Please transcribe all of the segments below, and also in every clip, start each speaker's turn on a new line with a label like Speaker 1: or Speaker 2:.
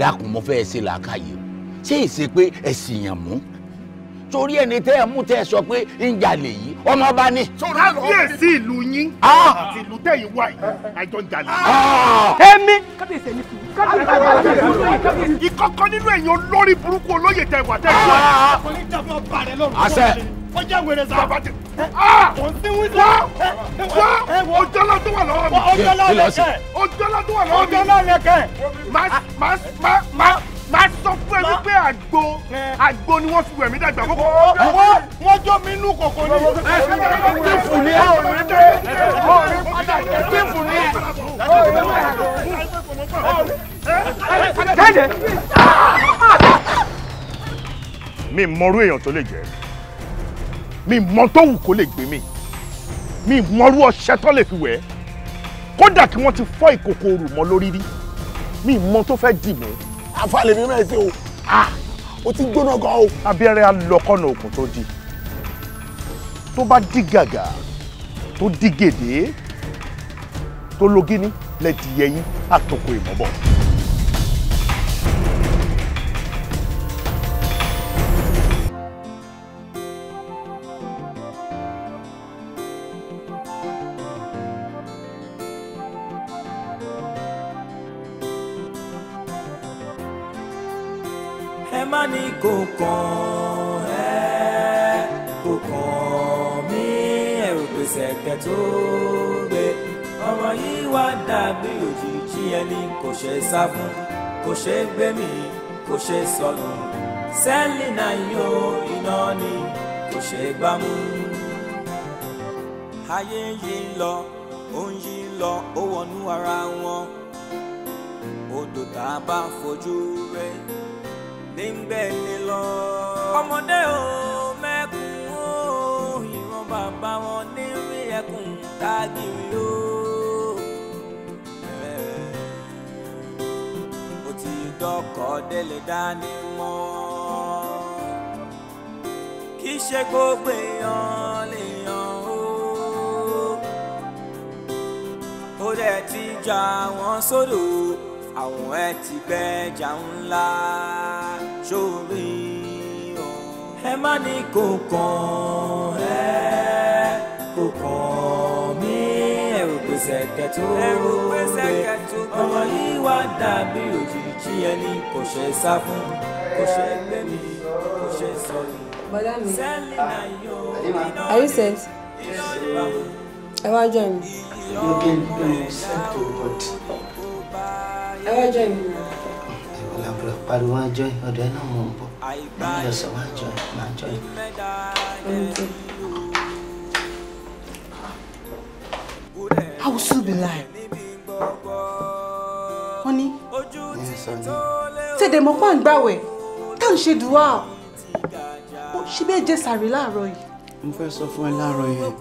Speaker 1: dákun mo fẹ́ ṣe làákàyè ṣé èsì pé ẹ̀sìn yàn mú torí ẹni tẹ́ ẹ̀ mú tẹ́ ẹ sọ pé ń jalè yìí ọmọ bá ní. sọ̀rọ̀ àlọ́ yẹ̀ sí ìlú yín ah! àti ìlú tẹ̀ yín wá yìí àjọ ń jalè. Ah! èmi. ìkọ̀kọ̀ nínú ẹ̀yin olórí burúkú olóyè tẹ̀ wá tẹ̀ wá. àṣẹ ó jẹ́ wèrè sá. bàbá ti kò ń sí wíńsọ. wá wá ojọ́lá tó wà lọ́wọ́ mi. ojọ́lá lẹ́kẹ̀. ojọ́lá tó wà lọ́wọ́ mi. ojọ́lá lẹ́kẹ̀. má má má má máa sọ fún ẹ wípé àgbo àgbo ni wọ́n fi wẹ̀ mí dàgbà kókó. wọ́n wọ́n jọ mi nú kòkó ni. tífù ni ẹ tífù ni ẹ. jáde. mi mọrú èèyàn tó lè jẹ́ mi mọ tó wù kó lè gbé mi mi mọrú ọṣẹ tó lè fi wẹ̀ ẹ́ kódà kí wọ́n ti fọ́ ìkòkò òrù mọ́ lórí rí mi mọ tó fẹ́ dì mí. àfàlẹ́ mi mẹ́rin o o ti gbóná gan o. abẹ́rẹ́ alọ́kọ́nà òkun tó di tó bá dí gàgà tó dí gèdè tó lógíní lẹ́dìí ẹyin àtòkò ìmọ̀bọ̀.
Speaker 2: kàn ẹ́ kò kàn mí ẹ ò pèsè ẹ̀kẹ́ tó gbé ọ̀rọ̀ yìí wá dàbí òjìji ẹni kò ṣe é sá fún kò ṣe é gbé mi kò ṣe é sọnù sẹ́ẹ̀lì náà yóò iná ni kò ṣe é gbámú. ayé ń yí lọ ó ń lọ ó wọnú ara wọn odò tá a bá fojú rẹ̀ ní bẹ́ẹ̀ ni lọ. ọmọdé o mẹ́kún o ìran bàbá wọn ní rí ẹkùn tágìrì o. ó ti dọ́kọ̀ délé dání mọ́. kì í ṣe gbogbo èèyàn lè yàn o. ó dẹ̀ ti jà wọ́n sódò àwọn ẹ ti bẹ́ẹ̀ jà ńlá sórí o. ẹ má ní kò kàn ẹ́ kò kàn mí ẹ̀rù pèsè kẹtù ẹ̀rù pèsè kẹtù ọmọ yìí wá dàbí òjijì ẹni kò ṣe sá fún kò ṣe gbé mi kò ṣe sọ ni.
Speaker 3: bọ́dá mi are you set? ẹ wá join mi. ẹ wá join mi
Speaker 1: pariwo àjọ yìí ọ̀dọ̀ náà mò ń bọ̀ wọ́n lọ
Speaker 4: sọ̀rọ̀ àjọ yìí máa jọ yìí. I will still be lying.
Speaker 5: Honey.
Speaker 6: Yes, honey.
Speaker 5: Tẹ̀dẹ̀ mọ̀ fún àgbàwẹ̀ tá à ń ṣe dùwà. Ó ṣe bẹ́ẹ̀ jẹ́ sàrí láàárọ̀ yìí.
Speaker 1: Mo fẹ́ sọ fún ẹ láàárọ̀ yẹn.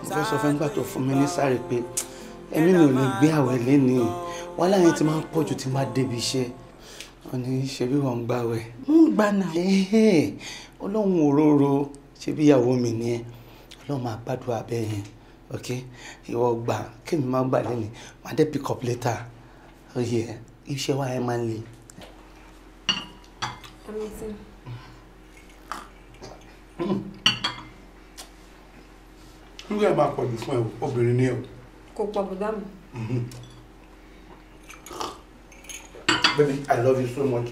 Speaker 1: Mo fẹ́ sọ fún ẹ nígbà tó fún mi ní sáré pé ẹ̀mí mi ò lè gbé àwẹ̀ lẹ́nìí. Wàhálà yẹn ti máa ń pọ̀ ju ti máa débi iṣẹ́ wọ́n ní ṣebí wọ́n ń gbàwẹ̀. mo ń gbà náà. ọlọ́run òróró ṣebí ìyàwó mi ni ẹ ọlọ́run máa gbàdúrà bẹ́ẹ̀ yẹn ok ìwọ gbà kémi máa gbà lẹ́nu máa dé pick up later oyè iṣẹ́ wa ẹ máa ń le. nígbà yẹn máa pọ̀ fún ẹ obìnrin ni ẹ.
Speaker 4: kò pọ̀ bùdá mi.
Speaker 1: Mm-hmm baby i love you so much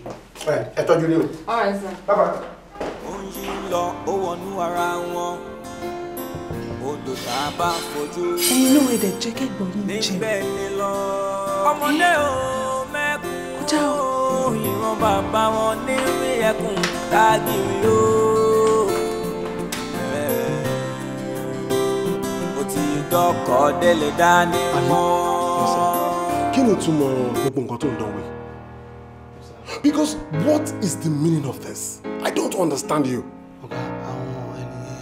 Speaker 1: ẹ tọ́jú lé o.
Speaker 2: all right sir. bye bye. oyin lọ ó wọnú ara wọn odò tá a bá fojú. ẹyin náà ẹ dẹ̀ jẹ́ kẹ́gbọ́n mi jẹun. níbẹ̀ ni lọ ọmọdé ò mẹ́kún. ọjà ò. ìran bàbá wọn ní ẹkùn tágìrì ó. ó ti dọ́kọ̀ délé dání mọ́.
Speaker 1: kí ló túmọ̀ gbogbo nǹkan tó ń dánwò yìí. Because what is the meaning of this? I don't understand you. Ọ̀gá, àwọn ènìyàn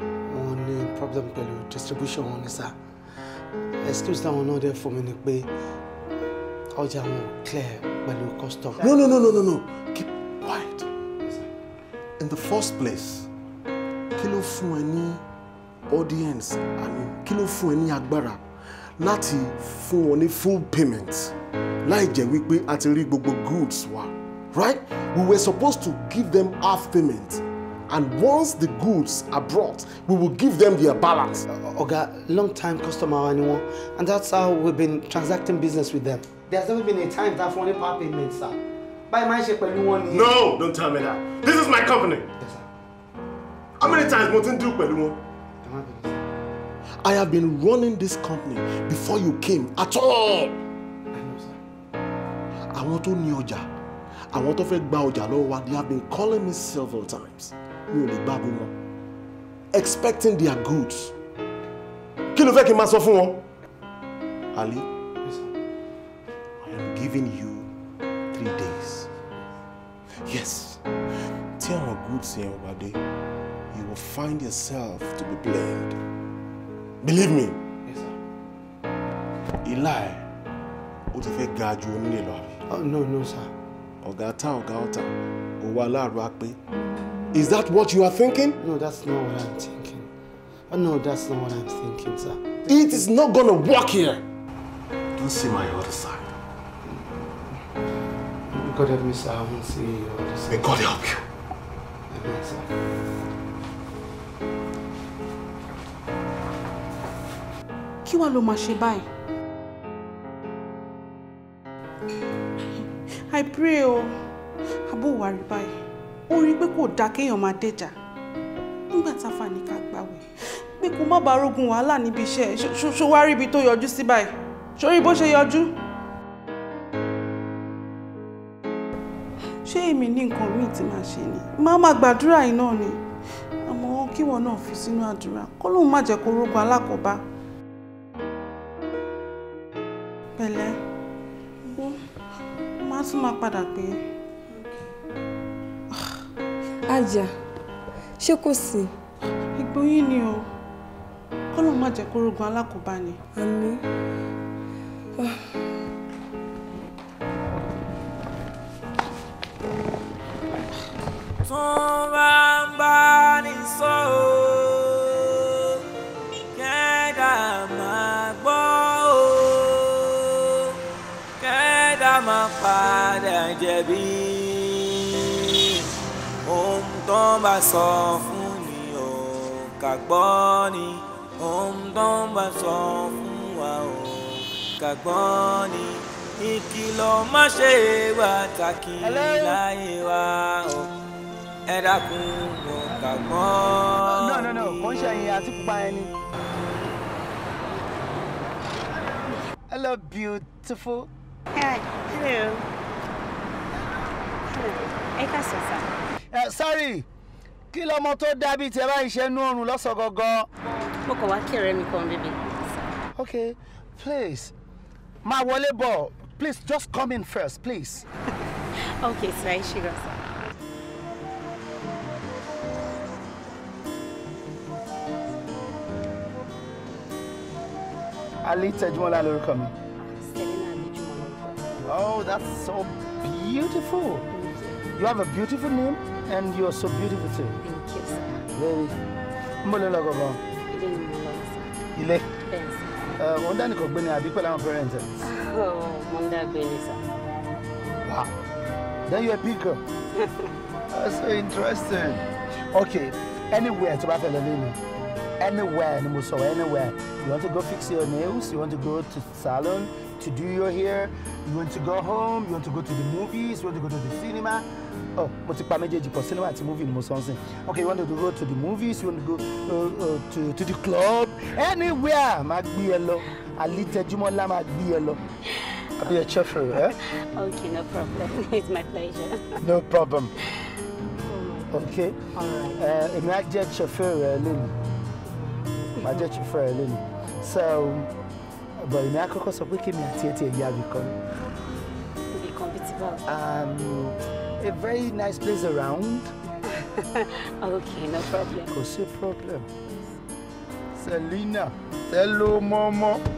Speaker 1: any, any problem with distribution sir. ní sá. Excuse táwọn náà dẹ̀ fún mi ni pé ọjà wọn ò clear pẹ̀lú custom. No, no, no, no, no, no. Keep quiet. In the first place, kilo ló fún audience? I mean, kí agbara láti fún wọn ní full payment láì jẹ́ wípé a ti rí gbogbo goods wa right we were supposed to give them half payment and once the goods are brought we will give them their balance. oga long time customer wa ni wọn and that's how we been transacting business with them. there has never been a time that fún only part payment sir Buy my ń ṣe pẹ̀lú wọn nìyẹn. no don't tell me that this is my company. yes sir. how many times mo ti ń dúró pẹ̀lú wọn. ẹ má bẹ̀rẹ̀ sir. I have been running this company before you came at all. I Àwọn tó ní ọjà, àwọn tó fẹ́ gba ọjà lọ́wọ́ wa, they have been calling me several times. Mi ò lè gbàgbó wọn. Expecting their goods. Kí ló fẹ́ kí n máa sọ Ali, I am giving you three days. Yes, tí àwọn goods yẹn ò bá dé, you will find yourself to be blamed believe me ìlà ẹ̀ ó ti fẹ́ ga ju onílé lọ àbí. oh no no sir. ọ̀gá ta ọ̀gá ọ̀tá òwò aláàrú apé is that what you are thinking. no that's not what i'm thinking oh no that's not what i'm thinking sir. it is not gonna work here. don't see my other side. God help me, sir. I won't see your you. May God help you. Amen, sir.
Speaker 5: kí wàá ló máa ṣe báyìí. I pray o abó wà rí báyìí ó rí pé kò dáa kéèyàn máa dẹjà nígbà táfà ní ká gbàwẹ̀ pé kó má bàa rogun wàhálà níbi iṣẹ́ ṣoṣo wá rí ibi tó yọjú sí báyìí sórí bó ṣe yọjú. ṣé èmi ní nǹkan míì tí màá ṣe ni màá máa gbàdúrà yìí náà ni àmọ́ kíwọ náà fi sínú àdúrà kọ́lóun má jẹ́ kó rogun alákọ̀ọ́bá pẹ̀lẹ́ ó má tún máa padà pé. àjà ṣé kò sí. ìgboyín ni o kọ́lọ̀ má jẹ́ kórógun alákòóbá ni. àmín.
Speaker 2: Ah. jẹ̀bi ohun tó ń bá sọ fún ni ò kà gbọ́ ni ohun tó ń bá sọ fún wa ò kà gbọ́ ni ìkìlọ̀ má ṣe pàtàkì láyé wa ò ẹ dákun ò kà gbọ́ ni. no no no kò ń ṣe ẹyin àti
Speaker 1: Hello, beautiful.
Speaker 7: Hi. Hello ẹ ká sọ sá.
Speaker 1: ẹ sọ́rí kí lọmọ tó dábì tí ẹ bá ń ṣe inú oorun lọ́sọ̀ gangan. mo kàn wá kí ọ̀rẹ́ mi kan bíbí. ok please máa wọlé bọ̀ please just come in first please. ok sir ẹ ṣe lọ sá. Ali Tejmola lórúkọ mi. Oh, that's so beautiful. You have a beautiful name and you are so beautiful too. Thank you, sir. Very. Mbolela Goba.
Speaker 7: Ilé. Ilé. Yes.
Speaker 1: Wọ́n dání kò gbé parents sir. Wow. Then you are a big girl. That's so interesting. Okay, anywhere tó bá fẹ́ Anywhere ni mo anywhere. You want to go fix your nails? You want to go to salon? to do your hair, you want to go home, you want to go to the movies, you want to go to the cinema. Oh, mo ti pa méjèèjì pọ̀ cinema àti movie ni Okay, you want to go to the movies, you want to go uh, uh, to, to the club, anywhere. Máa gbé a little àlítẹjúmọ́lá máa gbé ẹ lọ. Àbí a chauffeur? Eh?
Speaker 7: Okay, no problem. It's my pleasure.
Speaker 1: No problem. Oh okay. All right. Uh, èmi á jẹ́ chẹ́fù rẹ̀ So. bọ̀ èmi akọ́kọ́ sọ pé kémi àti ẹ̀ ti ẹ̀ yá ibì kan. ibì um, a very nice place around. okay no problem. kò sí problem. Selina hello sẹlómọmọ.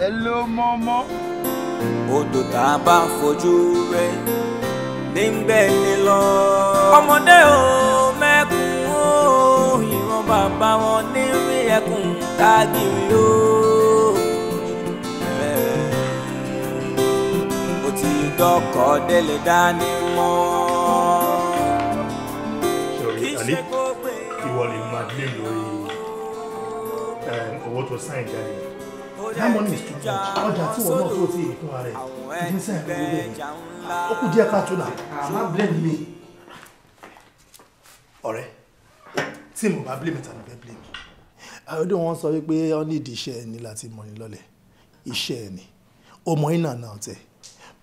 Speaker 1: Hello tá
Speaker 2: Odo taba fojú rẹ ní bẹ́ẹ̀ ni lọ. ọmọdé o mẹ́kún ó ìran bàbá wọn ní rí ẹkùn tágìrì dọkọ̀ délé dání mọ́. sori ali ìwọ lè máa
Speaker 1: eh, owó tó sáyìn jáde that money is too much ọjà tí wọn náà tó ti ìkún ara ẹ ìdí sẹ́yìn ló bẹ̀rẹ̀ ó kù díẹ̀ káàtó náà àmà blame mi ọ̀rẹ́ tí mo bá blame tàbí bẹ́ẹ̀ blame àyọ̀dún wọn sọ wípé ọ́nìdí iṣẹ́ ẹni láti mọ̀ ní lọ́lẹ̀ iṣẹ́ ẹni ó mọ iná náà tẹ̀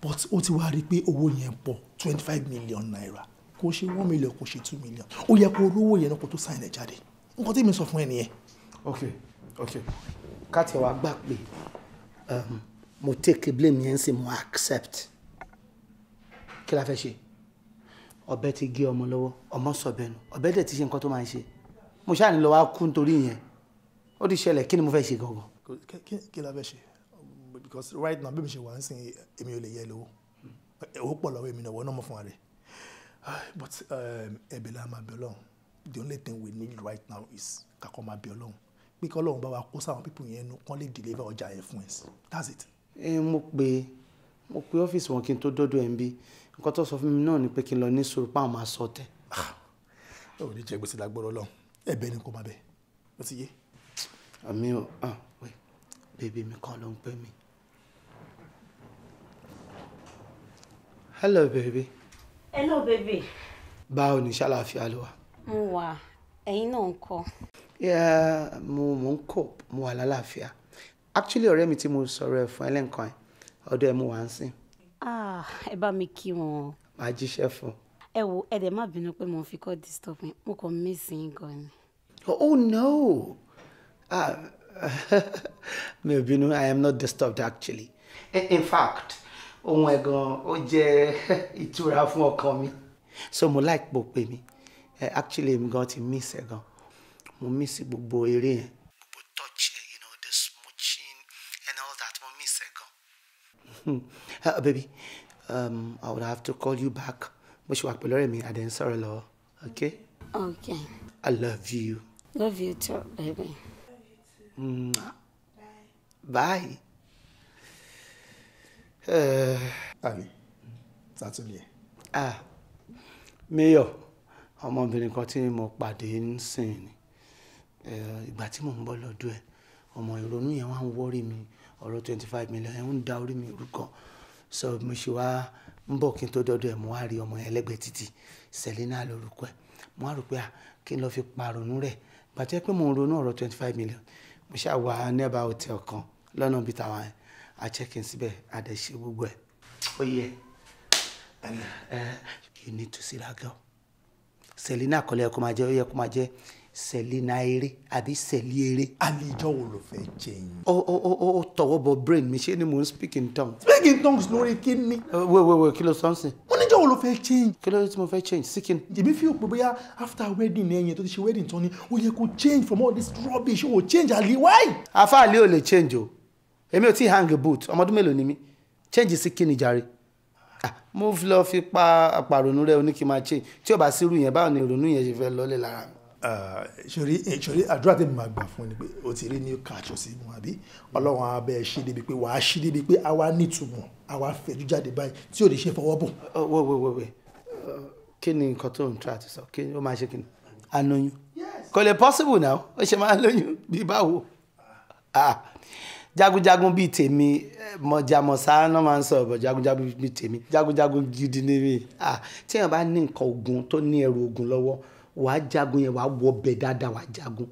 Speaker 1: but ó ti wá rí i pé owó yẹn pọ̀ twenty five million naira kò ṣe one million kò ṣe two million ó yẹ kó olówó yẹn náà kó tó sáyẹn jáde nǹkan tí mi sọ fún ẹ nìyẹn. ok ok. káti wa gbà pé um, mo take blame yẹn sì mo accept kí la fẹ́ ṣe ọbẹ̀ ti gé ọmọ lọ́wọ́ ọmọ sọ̀bẹ̀ nù ọbẹ̀ dẹ̀ ti ṣe nǹkan tó máa ń ṣe mo ṣáà ní lọ́wọ́ á kú nítorí yẹn ó ti ṣẹlẹ̀ kí ni mo fẹ́ ṣe gangan. kí la fẹ́ ṣe because right now bí mi ṣe wà ń sin èmi ò lè yẹ lówó owó pọ̀ lọ́wọ́ èmi náà wọ́n náà mọ̀ fún wa rẹ̀ but um, ẹ̀bẹ̀ la máa bẹ̀ ọlọ́run the only thing we need right now is kakọ́ máa bẹ̀ ọlọ́run pé kí ọlọ́run bá wa kó sáwọn pípù yẹn nu kán lè deliver ọjà yẹn fún ẹ that's it. ẹ mo pe mo pe ọ́fíìsì wọn kí n tó dọ́dọ̀ ẹ̀ ń bí nǹkan tó sọ fún mi náà ni pé kí n lọ ní sùúrù páwọn máa sọ tẹ. Ah! ó ní jẹ gbèsè lágbóró ọlọ́run ni kò máa bẹ̀ ó ti yé. àmì ò ah wait bèbí mi kan ló ń pè mí. hello baby.
Speaker 7: hello baby.
Speaker 1: báwo ni ṣàlàáfíà ló wà.
Speaker 7: mo wà ẹ̀yin náà ń
Speaker 1: kọ́. mo mo ń kọ́ mo wà lálàáfíà actually ọ̀rẹ́ mi tí mo sọ̀rọ̀ ẹ̀ fún ẹlẹ́ǹkan ẹ̀ ọ̀dọ̀ ẹ̀ mo wà ń sìn.
Speaker 7: Ah, ẹ bá mi kí wọn.
Speaker 1: màá jíṣẹ́ fún.
Speaker 7: ẹ wo ẹ dẹ̀ má bínú pé mo fi kọ́ disturb mi mo kàn mí sí gan ni.
Speaker 1: oh no ah, mi ò bínú i am not disturbed actually in, in fact ohun ẹ̀gàn ó jẹ́ ìtura fún ọkàn mi so mo like bó pè mí actually èmi gan ti miss ẹ gan mo miss gbogbo eré yẹn. gbogbo touch ẹ you know the smooching and all that mo miss ẹ gan. Hmm. Ah, baby um, I would have to call you back mo ṣe wà pẹ̀lú ọ̀rẹ́ mi àdé ń sọ̀rọ̀ lọ́wọ́ okay. okay. I love you.
Speaker 7: love you too baby.
Speaker 1: Mm. bye. bye. Eh. àbí sátúndì. mayor ọmọbìnrin kan tí mo pàdé ń sìn ni eh, ìgbà tí mò ń bọ́ lọ́dọ̀ ẹ̀ ọmọ ìrònú yẹn wá ń wọ́rí mi ọ̀rọ̀ twenty five million ẹ̀ ń da orí mi rú kan sọ mo ṣe wá ń bọ̀ kí n tó dọ́dọ̀ ẹ̀ mo wá rí ọmọ yẹn lẹ́gbẹ̀ẹ́ títì Selina lórúkọ ẹ̀ mo wá rò pé à kí n lọ́ọ́ fi parònú rẹ̀ gbàtẹ́ pé mo ń ronú ọ̀rọ̀ twenty five million mo ṣáà wà nẹ́ẹ̀bà hotel kan lọ́nà bíi tàwa yẹn a check in síbẹ̀ a dẹ̀ ṣe gbogbo ẹ̀. ó yẹ eh, you need to see that girl Selina kọ́lẹ́ kó máa jẹ́ ó yẹ kó máa jẹ́ Selina eré àbí sẹ̀lí Ali, àlejò wo ló fẹ́ jẹ Oh, oh, oh, ó ó tọwọ́ brain mi ṣé ni mò ń speak in tongues. speak in tongues lórí kí eh, wait wait wait Kill ló something. mo níjọ́ wo ló fẹ́ change. kí ló dé tí mo fẹ́ change sikin. jèmi fi after wedding ni ẹ̀yìn tó wedding Tony. ni ó yẹ change from all this rubbish ó change Ali. why. afa Ali, only change o èmi ò tí hang boot ọmọ ọdún mélòó ni mí change sí kí ni jàre ah, mo lọ fi pa àpàrònú rẹ oníkì máa change tí ò bá sírú yẹn báwo ni ìrònú yẹn ṣe fẹ́ lọ́lẹ̀ lára mi eh, sori eh, sori àdúrà tẹ̀mí máa gbà fún ni pé o ti rí ní kàṣọ sí mu àbí ọlọ́run abẹ́ ṣe débi pé wàá ṣe débi pé àwa nítumọ̀ àwa fẹ̀jú jáde báyìí tí ò lè ṣe fọwọ́ bùn. wẹ́ wẹ́ wẹ́ wẹ́ kí ni nǹkan tó ń tra ti sọ kí ni ó máa ṣe kí ni anoyún kò lè possible now ó ṣe máa lóyún bí báwo ah jagunjagun bíi tèmi eh, mọ̀jàmọ̀sá náà máa ń sọ̀rọ̀ jagunjagun bíi tèmi jagunjagun gidi ni mi tí èèyàn bá ní nǹkan ogun tó ní ẹrù ogun lọ́wọ́ wàá jagun yẹn wàá wọ bẹ̀ dáadáa wàá jagun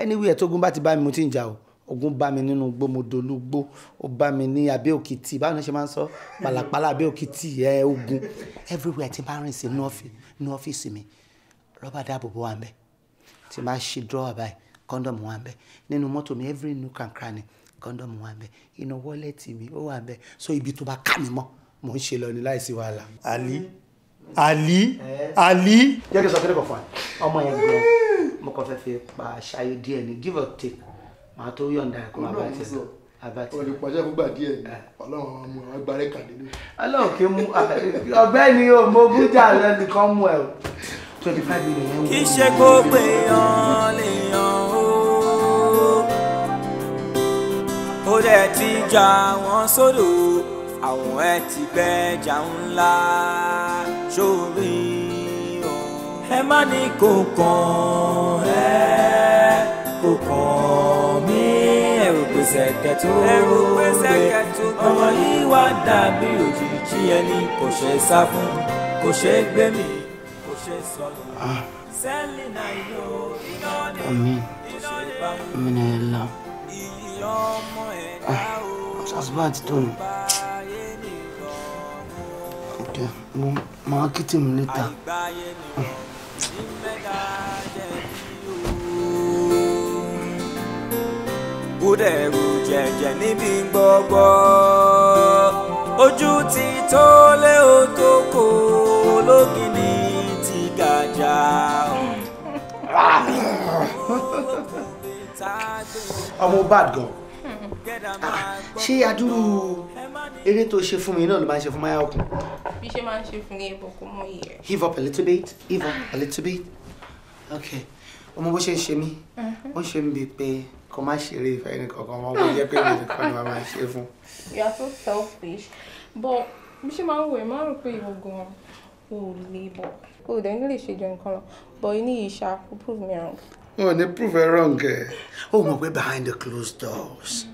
Speaker 1: anywhere tógun bá ti bá mi mo ti ń jà o ogun bá mi nínú gbó mo dolú gbó ó bá mi ní abẹ́òkìtì báwo ni ṣe máa ń sọ pàlàpàlà abẹ́òkìtì ẹ ogun everywhere ti bá rìn sí inú ọ́fíìsì mi rọ́bà dáàbò bò wà ń bẹ̀ tí máa ṣe drawer báyìí kọ́ńdọ̀mù wà ń bẹ̀ nínú mọ́tò mi every nook and cranny kọ́ńdọ́ọ̀mù wà bẹ́ẹ̀ inú wọ́lẹ́tì mi ó wà bẹ́ẹ̀ so ibi tó bá ká mi mọ́ mò ń ṣe lọ ní láìsí wàhálà. Ali Ali Ali. jẹ́ kí n sọ kílẹ̀ kọ̀ fún ẹ ọmọ yẹn gbọ́ mo kàn fẹ́ fi pa ṣayé díẹ̀ ní give or take màá tó yọ̀ǹda ẹ̀kọ́ bàbá ti sọ pàṣẹ fúngbà díẹ̀ ah. Ọlọ́run ọmọ ẹ gbàrẹ kàdé
Speaker 2: Ọlọ́run kì í mú ah,
Speaker 1: ọ̀gbẹ́ni o mo bújà rẹ nìkan mú ẹ twenty
Speaker 2: five million. kì í ṣe gbogbo èèyàn ẹ ti já wọn sódò àwọn ẹ ti bẹ́ jà ńlá sórí o. ẹ má ní kò kàn ẹ́ kò kàn mí ẹ̀rù pèsè kẹtù ẹ̀rù pèsè kẹtù ọmọ yìí wá dàbí òjijì ẹni kò ṣe sá fún kò ṣe gbé mi kò ṣe sọnù. sẹ́lì náà yóò iná ni iná ni bá Asbat tó bad Ok, mo máa kìtì mú létà. Ó dẹ̀rù jẹ̀jẹ̀ níbi gbọ́gbọ́. Ojú ti tó lé o tó kò lógìnì ti gàjà.
Speaker 1: bad girl ṣé adúrú eré tó ṣe fún mi náà ló máa ń ṣe fún máyà ọkùn.
Speaker 3: bí ṣe máa ń ṣe fún ní ẹbọ kó mọ iye.
Speaker 1: give up a little bit heave up a little bit okay ọmọ bó ṣe ń ṣe mí mhm. ó ṣe ń bi pé kò má ṣeré ìfẹ́ ẹni kankan wọn bó jẹ́ pé mi nìkan ni wọ́n máa ṣe fún.
Speaker 3: you are so selfish but bí ṣe máa ń wò ẹ́ máa rò pé ìwọ gan-an ò lè bọ̀ o dẹ̀ ní lè ṣe jẹun kan lọ but inú yìí ṣá kò prove me wrong.
Speaker 1: wọn ò ní prove ẹ wrong ẹ ó mọ̀ pé behind the closed doors. Mm -hmm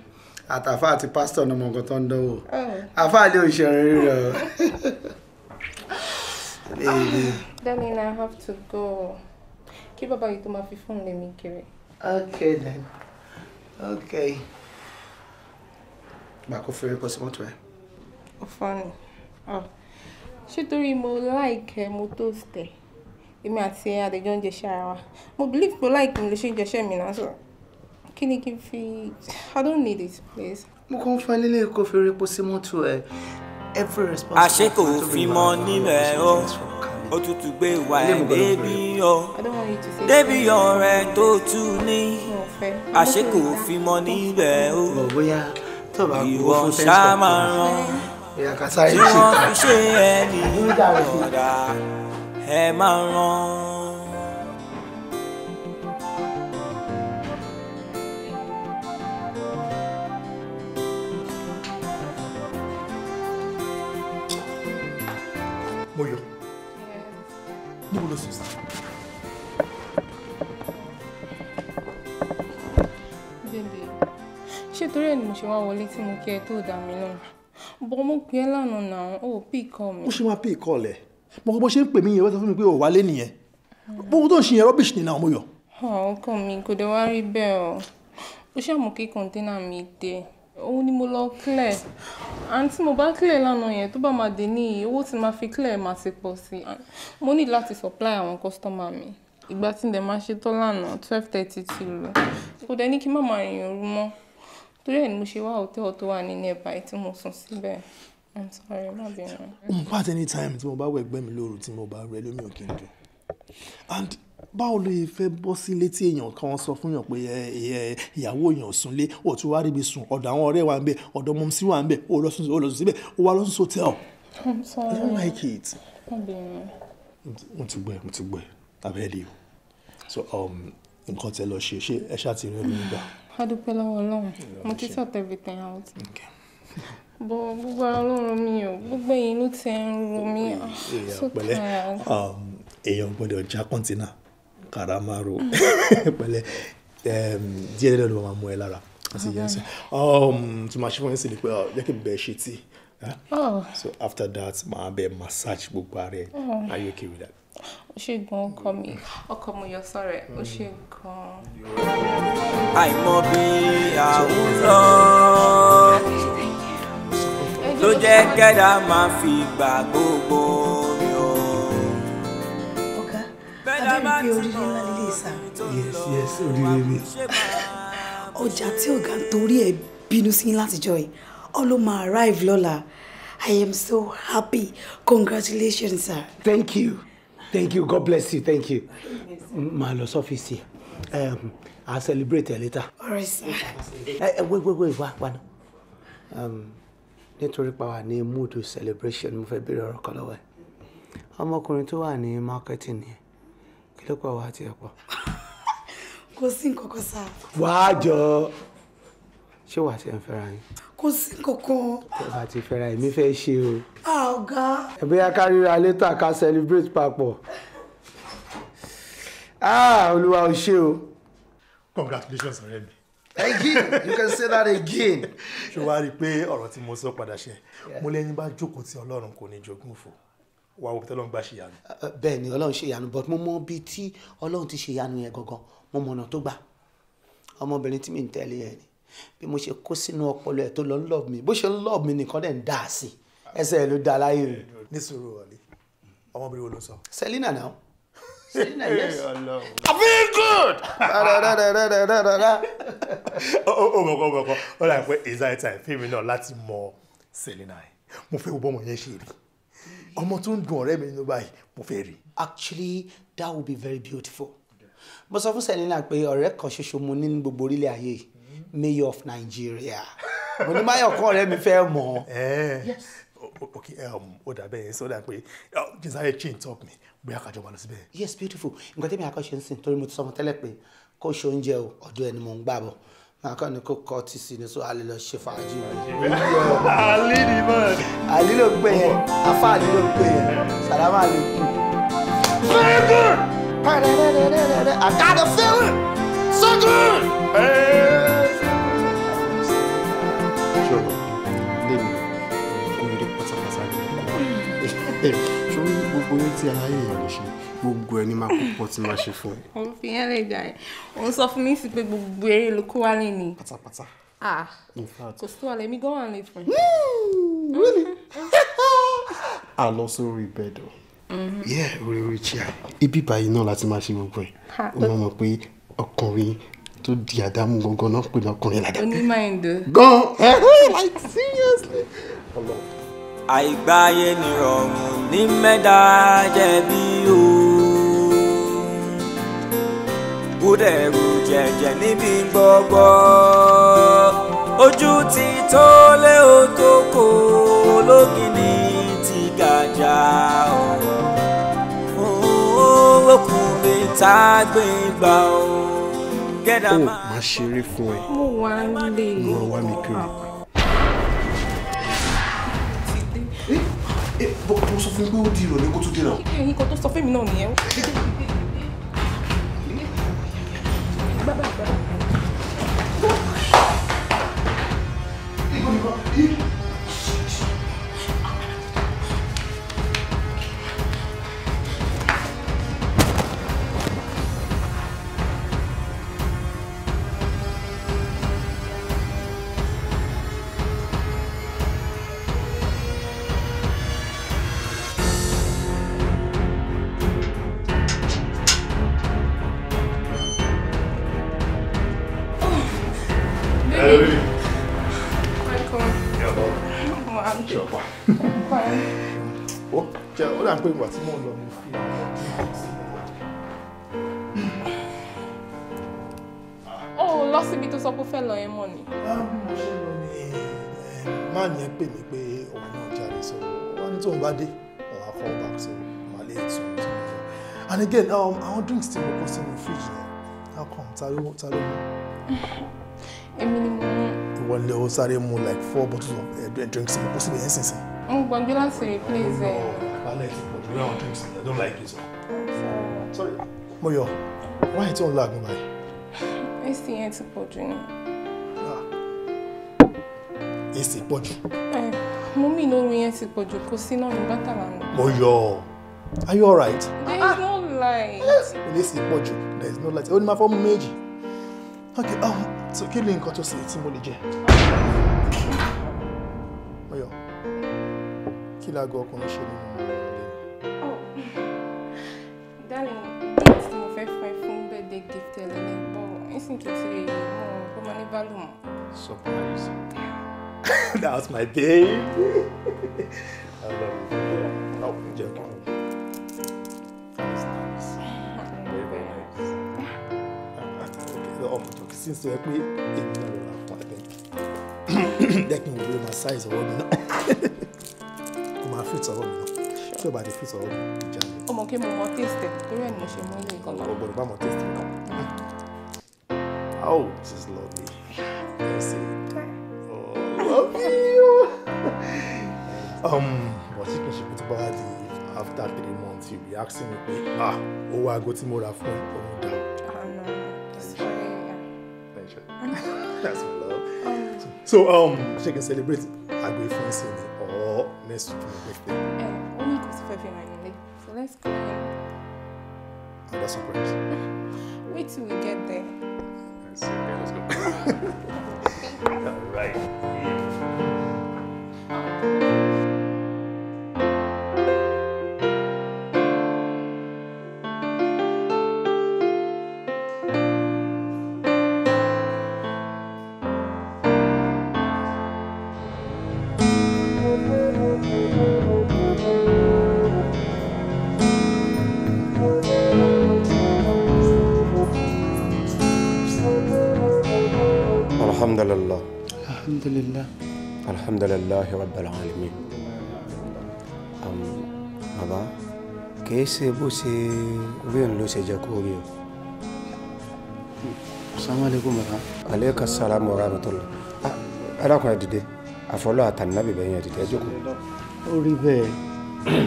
Speaker 1: àtàfà àti pásítọ̀ ní ọmọ nǹkan tó ń dánwò oh. àfà lè ṣe ìrìn rẹ o.
Speaker 3: Darling, I have to go. Kí bàbá yìí tó máa fi fóònù lé mi kiri.
Speaker 1: Okay then. Okay. Gbà kó fẹ́rẹ́ kọ́ sí mọ́tò ẹ̀.
Speaker 3: Ó fọ́nì. Ah. Ṣé torí mo láìkẹ́ eh, mo tó tẹ̀? Èmi àti Adéjọ́ ń jẹ ṣe ara wa. Mo believe mo láìkì mi lè ṣe ń jẹ ṣẹ́ mi náà sọ̀rọ̀ kí ni kí n i don't need it please. mo kàn ń fún ẹ nílé
Speaker 1: kó fi repo sí mọ́tò
Speaker 4: every response. àṣé
Speaker 2: kò fi mọ nílẹ̀ o òtútù gbé wà ẹ débi o débi ọ̀rẹ́ tó tú ní àṣé kò fi mọ nílẹ̀ o ìwọ ṣá máa ràn tí wọ́n fi ṣe ẹni ọ̀dà ẹ máa ràn.
Speaker 3: torí ẹ̀ ni mo ṣe wá wọlé tí mo kí ẹ tó dà mí lọ́nà bọ́ mo pè é lánàá náà ó pè kọ́ mi. ó ṣe
Speaker 1: máa pè kọ́ ọ̀lẹ́ mo kọ́ bó ṣe ń pè mí yẹn wọ́n sọ fún mi pé ò wálé nìyẹn bó tó ń ṣe yẹn rọ́bìṣì nìyẹn àwọn mo yọ.
Speaker 3: ọkọ mi kò dé wá rí bẹ́ẹ̀ o ó ṣàmù kí kọ́ńténà mi dé òun ni mo lọ clear àǹtí mo bá clear lánàá yẹn tó bá máa dé ní owó tí máa fi clear máa ti pọ̀ sí i mo ní láti supply àwọn kọ́sítọ́mà mi ìgbà tí ǹdẹ̀ máa ṣe tán lánàá twelve thirty ti lù kò dé ní kí má máa rìnrìn òru mọ́ torí ẹ̀ ni mo ṣe wá hòtẹ́ẹ̀lì tó wà ní nearby tí mo sùn síbẹ̀ i'm sorry má bínú. n
Speaker 1: part any time tí mo bá wẹ̀ gbẹ́ mi lóru tí mo bá rẹ lómi òkè dùn and báwo ló yẹ fẹ́ bọ́ sí létí èèyàn kan sọ fún yàn pé ìyàwó èèyàn sùnlé ó tún wá ríbi sùn ọ̀dọ̀ àwọn ọ̀rẹ́ wa ń bẹ ọ̀dọ̀ mọ̀ sí wa ń bẹ ó lọ sùn síbẹ̀ ó wá lọ sùn sọ́tẹ́ọ̀.
Speaker 3: i'm sorry i don't like
Speaker 1: it. mo ti gbọ́ ẹ mo ti gbọ́ ẹ abẹ́ẹ̀lì o so um, nǹkan tẹ lọ ṣe ṣé ẹ ṣáà ti rí ẹ lóyún gbà
Speaker 3: a dúpẹ́ lọ́wọ́ ọlọ́run mo ti sort everything out. bọ gbogbo ara ọlọ́run mi o gbogbo inú ti ń ro mi ah, sókè
Speaker 1: um, èèyàn gbọ́dọ̀ já kọ́ńtínà karamaro mm. pẹ̀lẹ́ díẹ̀ lẹ́nu ló máa mú ẹ lára àti yẹn sẹ́ um, tí màá ṣe fún yín sí ni pé uh, jẹ́ kí n bẹ̀ ṣe tí eh? oh. so after that màá bẹ̀ massage gbogbo ara ẹ are you okay with that
Speaker 3: ó ṣe gan ọkọ mi mm. ọkọ mi yọ sọ̀rọ̀ ẹ ó ṣe mm. gan.
Speaker 2: àìmọ bí àwòrán ló jẹ́ kẹ́dà máa fi gbà gbogbo mi o.
Speaker 4: ọ̀gá abẹ́rẹ́ pé oríire ńlá lílé ìsà. yes yes oríire mi. ọjà
Speaker 7: tí ọ̀gá torí ẹ̀ bínú sí látijọ́ yìí ọ ló máa arrive lọ́la. I am so happy. Congratulations, sir.
Speaker 1: Thank you thank you god bless you thank you máa office here. ẹ̀ i'll celebrate ẹ̀ later.
Speaker 4: alright sir. ẹ eh,
Speaker 1: eh, wait wait wait What? wá Um, nítorí pa wà ní mood celebration mo fẹ́ béèrè ọ̀rọ̀ kan lọ́wọ́ ẹ̀ ọmọkùnrin tó wà ní marketing yẹn kí ló pọ̀ wá àti ẹ̀ pọ̀.
Speaker 4: kò sí nǹkan kan sáà. wàá
Speaker 1: jọ ṣé
Speaker 4: kò sí kankan.
Speaker 1: bá a ti fẹ́ra èmi fẹ́ ṣe o.
Speaker 4: a ọ̀gá.
Speaker 1: ẹ bóyá ká ríra létà ká celebrate papọ̀. ah olúwa ò ṣe o. congratulations ọ̀rẹ́ mi. again you can say that again. ṣé wàá rí i pé ọ̀rọ̀ tí mo sọ padà ṣe mo lẹ́yìn bá jókòó tí ọlọ́run kò ní jogún fò wàá wò pé ọlọ́run gbà ṣèyanu. Uh, uh, bẹ́ẹ̀ ni ọlọ́run ṣèyanu but mo mọ bíi tí ọlọ́run ti ṣèyanu yẹn gangan mo mọ̀nà tó gbà ọmọbìnrin tí mi ń tẹ̀lé yẹn ni bí mo ṣe kó sínú ọpọlọ ẹ tó lọ ń lọ mi bó ṣe ń lọ mi nìkan dẹ̀ ń dà sí ẹsẹ̀ ló da láyé rẹ̀. ní wọlé ọmọbìnrin wo ló sọ. Selina náà
Speaker 6: Selina yes I feel good.
Speaker 1: ó mọ̀kọ́ mọ̀kọ́ ó rà pé ìzáyé tàì fíìmù náà láti mọ Selina yìí mo fẹ́ wo bọ́mọ yẹn ṣe rí ọmọ tó ń dùn ọ̀rẹ́ mi nínú báyìí mo fẹ́ rí. actually that would be very beautiful mo sọ fún Selina pé ọ̀rẹ́ kan ṣoṣo mo ní ní gbogbo orílẹ̀ ayé yìí mayor of Nigeria
Speaker 3: onímọ̀yọ̀ kan rẹ̀ mi fẹ́
Speaker 1: mọ̀. Eh, ok um, ó dà bẹ́ẹ̀ sọ dà pé oh, jesare change talk mi bóyá kájọ máa lọ síbẹ̀. yes beautiful nǹkan tẹ́mi àkọ́ṣe ń sìn torí mo ti sọ fún tẹ́lẹ̀ pé kó ṣe oúnjẹ o ọ̀dọ̀ ẹni mò ń gbà bọ̀ màá kàn ní kó kọ́ ti sí ni so a lè lọ ṣe fàájì o. àlè ni mo. àlè ló gbé yẹn afá àlè ló gbé yẹn sàlámà lè kú.
Speaker 6: fẹ́ẹ́ gùn. I got a feeling so good.
Speaker 1: sórí gbogbo yín tí aláyè yẹn lè ṣe gbogbo ẹni máa kópọ̀ tí máa ṣe fún ẹ.
Speaker 3: òun fi yẹn lè jà ẹ òun sọ fún mi sí pé gbogbo eré ló kó wálé ni. pátápátá. ah kò sí wàhálà èmi gan wà lè fún ẹ.
Speaker 5: Hmm,
Speaker 3: really
Speaker 1: a lọ sórí bẹ́ẹ̀dì
Speaker 3: o mm-hmm. yeah
Speaker 1: orí orí chia ibi báyìí náà láti máa ṣe gbogbo ẹ o máa mọ̀ pé ọkùnrin tó di àdámù gangan náà pè ní ọkùnrin
Speaker 3: ládàá. onímọ̀ ìdò. gan ẹ like seriously
Speaker 2: àìgbáyé nìrọ̀rùn ní mẹ́ta jẹ̀bi o. búdẹ̀rù jẹ̀jẹ̀ níbi gbogbo ojú ti tó lé o tó ti gàjà o. òkùnrin tá a gbé gbà o. ó oh, máa ṣeré fún ẹ.
Speaker 3: mo wá ń lè. mo
Speaker 2: wá kiri.
Speaker 1: bó eh, mo sọ fún mi pé ó di ìrọ̀lẹ́ kó tó dé náà.
Speaker 3: kí ni nǹkan tó sọ fún mi náà nìyẹn. bàbá bàbá.
Speaker 1: then um, our drinks still mo kó sínú fridge yẹn how come ta ló ta ló mú. èmi ni mo mú. like four bottles of uh, drinks mo kó síbi yẹn sínsìn.
Speaker 3: n gbàgbé láti place ẹ.
Speaker 1: balẹ̀ I don't like it. sorry. Moyo why tí ò ń laagun báyìí.
Speaker 3: ac yẹn ti pọ̀ jù ni. Ah.
Speaker 1: ac pọ̀ jù.
Speaker 3: mú mi lóru yẹn ti pọ̀ jù kó sí náà
Speaker 1: Moyo are you alright?
Speaker 3: there is ah. no light. Eléyìí
Speaker 1: sì pọ̀ there is no light. Only my máa fọ́ Okay. um, so kí ni nǹkan tó ṣe tí mo lè jẹ? Ọyọ̀, kí láago ọkùnrin ṣe nínú ọ̀rọ̀ rẹ̀? Oh,
Speaker 3: darling, gift tí mo fẹ́ fún ẹ fún birthday gift ẹ lẹ́nu bọ̀, ẹ̀sìn tó ṣe èyí mọ̀ ọ́ máa ní
Speaker 1: Surprise. That was my babe. I love you. Oh, jẹ́ kàn. ọmọ tó kí Since sọ pé èmi náà lọ́ra pa ẹ̀bẹ̀ dẹ́kin wò ló máa size ọwọ́ mi náà ó máa fit ọwọ́ mi náà tí ó bá ti fit
Speaker 3: Oh, mi jà lọ. taste ẹ torí ẹ ni mo ṣe mọ ilé ìkọlá. o oh,
Speaker 1: taste ẹ oh this lovely. Yes, oh, love you. um, but you can ship it back after three months you be asking me ah oh, I got mo rà fún ọmọ
Speaker 6: dàrú. That's my love.
Speaker 1: Um, so um, she can celebrate agbo ifun sí or next week for my
Speaker 3: birthday. Ẹ eh, ó ní kò so let's go And ah, that's surprise. Wait till we get there. Let's, okay, let's
Speaker 4: go. All right.
Speaker 1: lillahi rabbil alamin bàbá kìí ṣe bó ṣe rí òun ló ṣe jẹ kó rí o. assalamu alaikum bàbá. aleyka salamu wa rahmatullah alákùnrin dìde àfọlọ́ àtànínábì bẹ́ẹ̀ yẹn dìde ẹjọ́ kù. ó rí bẹ́ẹ̀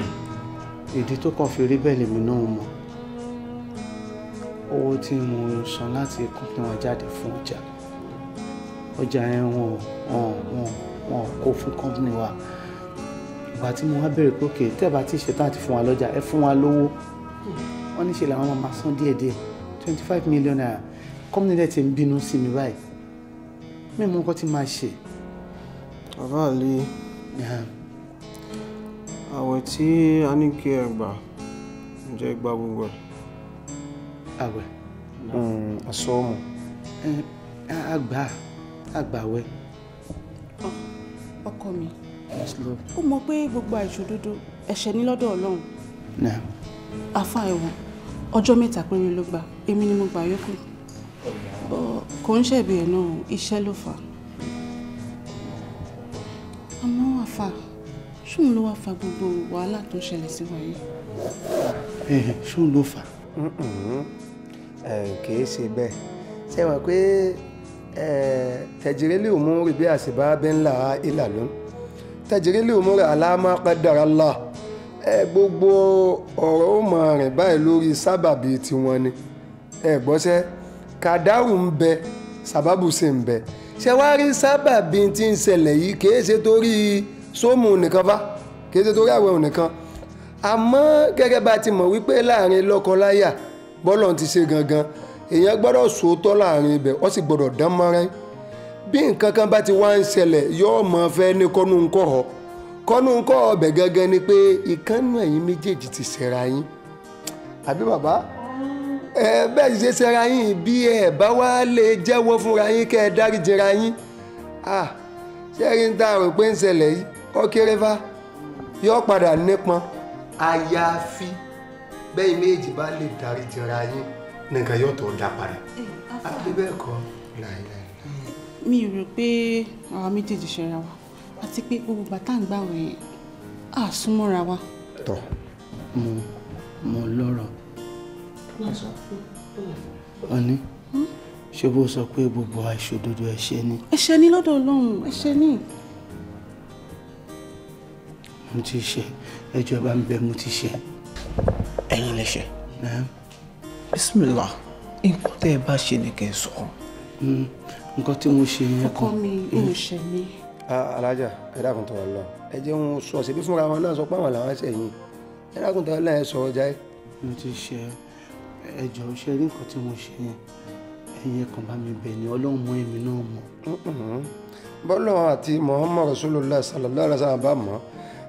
Speaker 1: ìdí tó kàn fi rí bẹ́ẹ̀ lèmi náà mọ̀ owó tí mo san láti kún fún wọn jáde fún ọjà ọjà yẹn wọn wọn wọn kó fún company wa ìgbà tí mo wá bẹ̀rẹ̀ pé òkè tẹ́ ẹ bá ti ṣetán àti fún wa lọ́jà ẹ fún wa lówó wọ́n ní ṣe làwọn máa máa san díẹ̀díẹ̀ twenty five million naira company dẹ̀ ti ń bínú sí mi báyìí mi mú nǹkan tí máa ṣe. bàbá àlè àwẹ̀ tí a ní kí ẹ gbà ǹjẹ́ gba gbogbo ẹ̀. àwẹ̀ hmm, ọ̀sọ́ ọmọ àgbà àgbàwẹ̀
Speaker 5: ọkọ mi ó mọ pé gbogbo àìṣòdodo ẹ̀ṣẹ̀ ní lọ́dọ̀ ọlọ́run àfa ẹ̀wọ̀n ọjọ́ mẹ́ta péré ló gbà èmi ni mo gbà yókù kò ń ṣẹ̀bi ẹ̀ náà iṣẹ́ ló fà á àmọ́ àfa ṣóun ló wá fa gbogbo wàhálà tó ṣẹlẹ̀ sí wa yìí.
Speaker 1: Eh, ṣóun ló fà á. kì í ṣe bẹ́ẹ̀ ṣé wà pé tẹ̀jìrìlì òmùrì bí àṣìbá bẹ́ńlá ìlà ló ń tẹ̀jìrìlì òmùrì aláàmà kádàrá Allah gbogbo ọ̀rọ̀ ó mọ̀ rìn báyìí lórí sábàbí tiwọn ni ẹ̀gbọ́sẹ́ kàdáwù ń bẹ sábàbù sì ń bẹ ṣé wàá rí sábàbí tí ń ṣẹlẹ̀ yìí kìí ṣe torí sómù nìkan bá kìí ṣe torí àwẹ̀ nìkan àmọ́ gẹ́gẹ́ bá ti mọ̀ wípé láàrin lọ́kọ-láyà bọ́lọ̀ ti ṣe gangan èèyàn gbọ́dọ̀ sòótọ́ láàrin ibẹ̀ ó sì gbọ́dọ̀ dán bí nǹkan kan bá ti wá ń ṣẹlẹ̀ yóò mọ fẹ́ ní kọ́nú ńkọ́ ọ kọ́nú ńkọ́ ni pé ìkànnì ẹ̀yìn méjèèjì ti ṣẹ̀ra yín àbí bàbá ẹ bẹ́ẹ̀ ṣe yín bí ẹ bá wá lè jẹ́wọ́ fúnra yín kẹ́ ẹ dáríjìra yín ah pé ń ṣẹlẹ̀ kéré fa, yóò padà nípọn àyàfi bẹ́ẹ̀ bá nìkan yóò tó dá padà àbí ah, bẹ́ẹ̀ kọ́ láìláì.
Speaker 5: mi rò pé àwa méjèèjì ṣẹra wa àti pé gbogbo bàtà ń gbàwé à súnmọ́ra wa.
Speaker 1: tọ mo mo lọ́rọ̀ ọní hmm? ṣé bó sọ pé gbogbo àìṣòdodo ẹ̀ṣẹ̀ ni.
Speaker 5: ẹ̀ṣẹ̀ ni lọ́dọ̀ Ọlọ́run ẹ̀ṣẹ̀ ni
Speaker 1: mo ti ṣe ẹjọ́ bá ń bẹ mo ti ṣe ẹ̀yin lẹ́ṣẹ̀ bísímìlà nǹkan tẹ́ ẹ bá ṣe ni kẹ́ ẹ sọ. Hmm, nǹkan tí mo ṣe yẹn kan. ọkọ mi hmm. ò ṣe mí. Ah, alájà ẹ dákun tó wà lọ ẹ jẹ́ ń sọ ṣebí fúnra wọn náà sọ pé àwọn làwọn ṣe yín ẹ dákun tó wà lọ ẹ sọ ọjà ẹ. mo ti ṣe ẹ jọ ṣe rí nǹkan tí mo ṣe yẹn ẹ̀yin kan bá mi bẹ̀ ni ọlọ́run mọ èmi náà mọ̀. Hmm, bọ́lọ̀ àti muhammad rasulullah sallallahu alaihi wa sallam bá mọ̀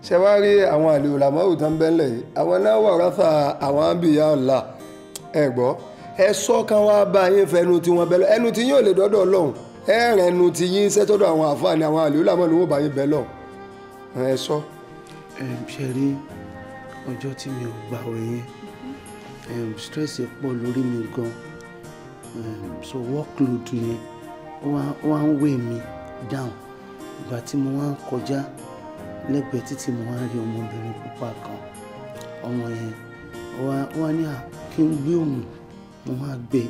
Speaker 1: ṣe wá rí àwọn àlè òlàmọ́wò tán bẹ́ńlẹ̀ yìí àwọn náà wà rọ́fà àwọn àbíyá ọ̀la ẹ gbọ́ ẹ sọ kan wá bá yín fẹnu tí wọ́n bẹ lọ ẹnu tí yín ò lè dọ́dọ̀ Ọlọ́run ẹ rẹ̀ ẹnu tí yín sẹ́tọ́dọ̀ àwọn àfáà ni àwọn àlùlá mọ́ ni wọ́n bá yín bẹ lọ ẹ sọ. ẹ ṣe rí ọjọ́ tí mi ò gbà wẹ̀ yẹn stress pọ̀ lórí mi gan so workload yẹn wá ń wé mi down ìgbà tí mo wá ń kọjá lẹ́gbẹ̀ẹ́ títí mo wá ń rí ọmọbìnrin pupa kan ọmọ yẹn wá ní àpò kérúbé ọ̀hún mo máa gbé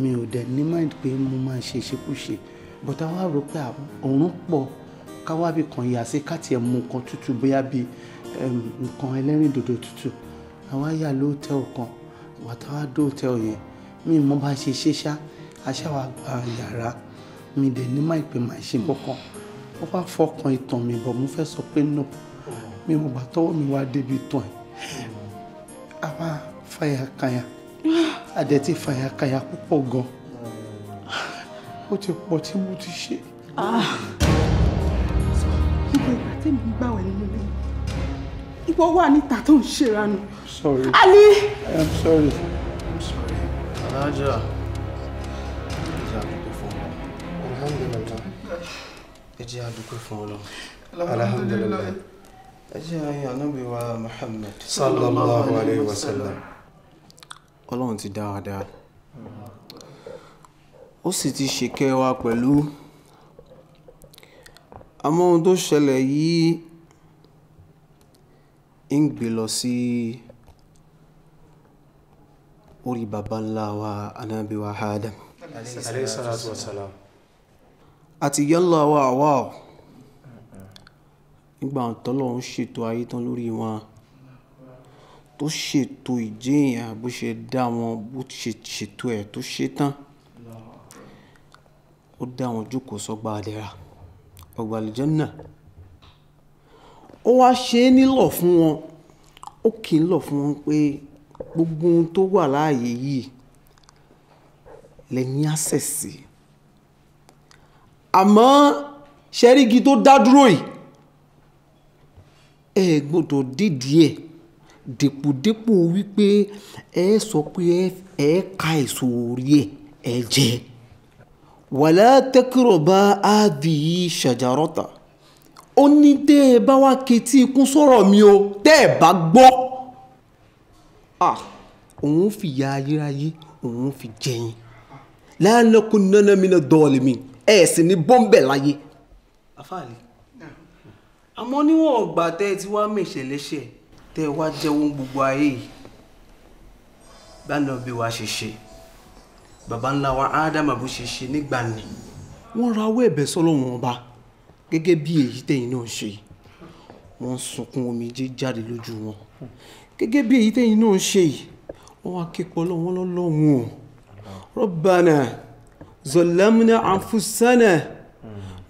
Speaker 1: mi ò dẹ̀ ní mind pé mo máa ṣe ìṣekúṣe but àwa rò pé ọ̀run pọ̀ káwábì kan yà sí káàtì ẹ̀ mú nǹkan tútù bóyá bí nǹkan ẹlẹ́rìndòdò tútù àwa yà lóòtẹ́ẹ̀lì kan wàtáwá dóòtẹ́ẹ̀lì yẹn mi mo bá ṣe ṣe ṣá aṣáwa gba yàrá mi dẹ̀ ní mind pé màá ṣe kankan wọ́n bá fọkàn ìtàn mi bọ̀ mo fẹ́ sọ pé no mi mo gbà tọ́wọ́ mi wá débi tán ẹ̀ àwa fàyàkàyà adẹ ti fàyàkàyà púpọ̀ gan ó ti pọ̀ tí mo ti
Speaker 5: ṣe.
Speaker 4: ìgbà ìgbà tí mi gbà wẹ̀ nínú ilé
Speaker 5: ìwọ wà níta tó ń ṣèrànù.
Speaker 6: sorry Ali. I am sorry. I'm
Speaker 1: sorry. Alájà. Alájà dúpẹ́ fún ọ. Alhamdulillah. Ẹ jẹ́ àdúpẹ́ fún ọ lọ. Alhamdulillah. Ẹ jẹ́ àyàn náà Muhammad. Sallallahu alayhi wa sallam ọlọ́run ti dáadáa ó sì ti ṣèkẹ́ wa pẹ̀lú àmọ́ ohun tó ṣẹlẹ̀ yìí ń gbé lọ sí orí baba ńlá wa Ànábì wa Adam alayhi salatu wa salam àti yálà wa àwa nígbà tọ́lọ́run ṣètò ayé tán lórí wọn tó ṣètò ìjẹ́ bó ṣe dá wọn bó ṣe ṣètò ẹ̀ tó ṣe ó dá wọn jókòó sọ́gbà àdẹ́ra ọgbà àlùjánnà ó wá ṣe é nílọ̀ fún wọn ó kì í lọ̀ fún wọn pé gbogbo ohun tó wà láàyè yìí lẹ́yìn àṣẹ̀sì àmọ́ ṣẹ́rígi tó dá dúró yìí ẹ dídìí ẹ̀ dèpòdépò wípé ẹ sọ pé ẹ ka èso orí ẹ ẹ jẹ wàlá tẹkìrọba àbí ṣàjàrọta ó ní tẹ ẹ bá wá ketí ikún sọ̀rọ̀ mi o tẹ ẹ bá gbọ́ òun fìyà ayérayé òun fi jẹyìn lánàkú nánà mi náà dọ̀ọ̀lì mi ẹ sì ní bọ́ńbẹ̀ láyé. àfààní àmọ́ níwọ̀n ọgbà tẹ́ ẹ ti wá mẹ́sẹ̀lẹ́sẹ̀ tẹ́ ẹ wá jẹ́wọ́ gbogbo ayé yìí báná bí wàá ṣe ṣe baba ńlá wa ádámà bó ṣe ṣe nígbà ni wọ́n rawọ́ ẹ̀bẹ̀ sọ́lọ́wọ́n ọba gẹ́gẹ́ bí èyí tẹ̀yìn náà ṣe wọ́n sunkún omijé jáde lójú wọn gẹ́gẹ́ bí èyí tẹ̀yìn náà ṣe wọ́n wá ké pọ̀ lọ́wọ́ lọ́lọ́wọ́n o rọ́bànà zọlámúnà àfúsánà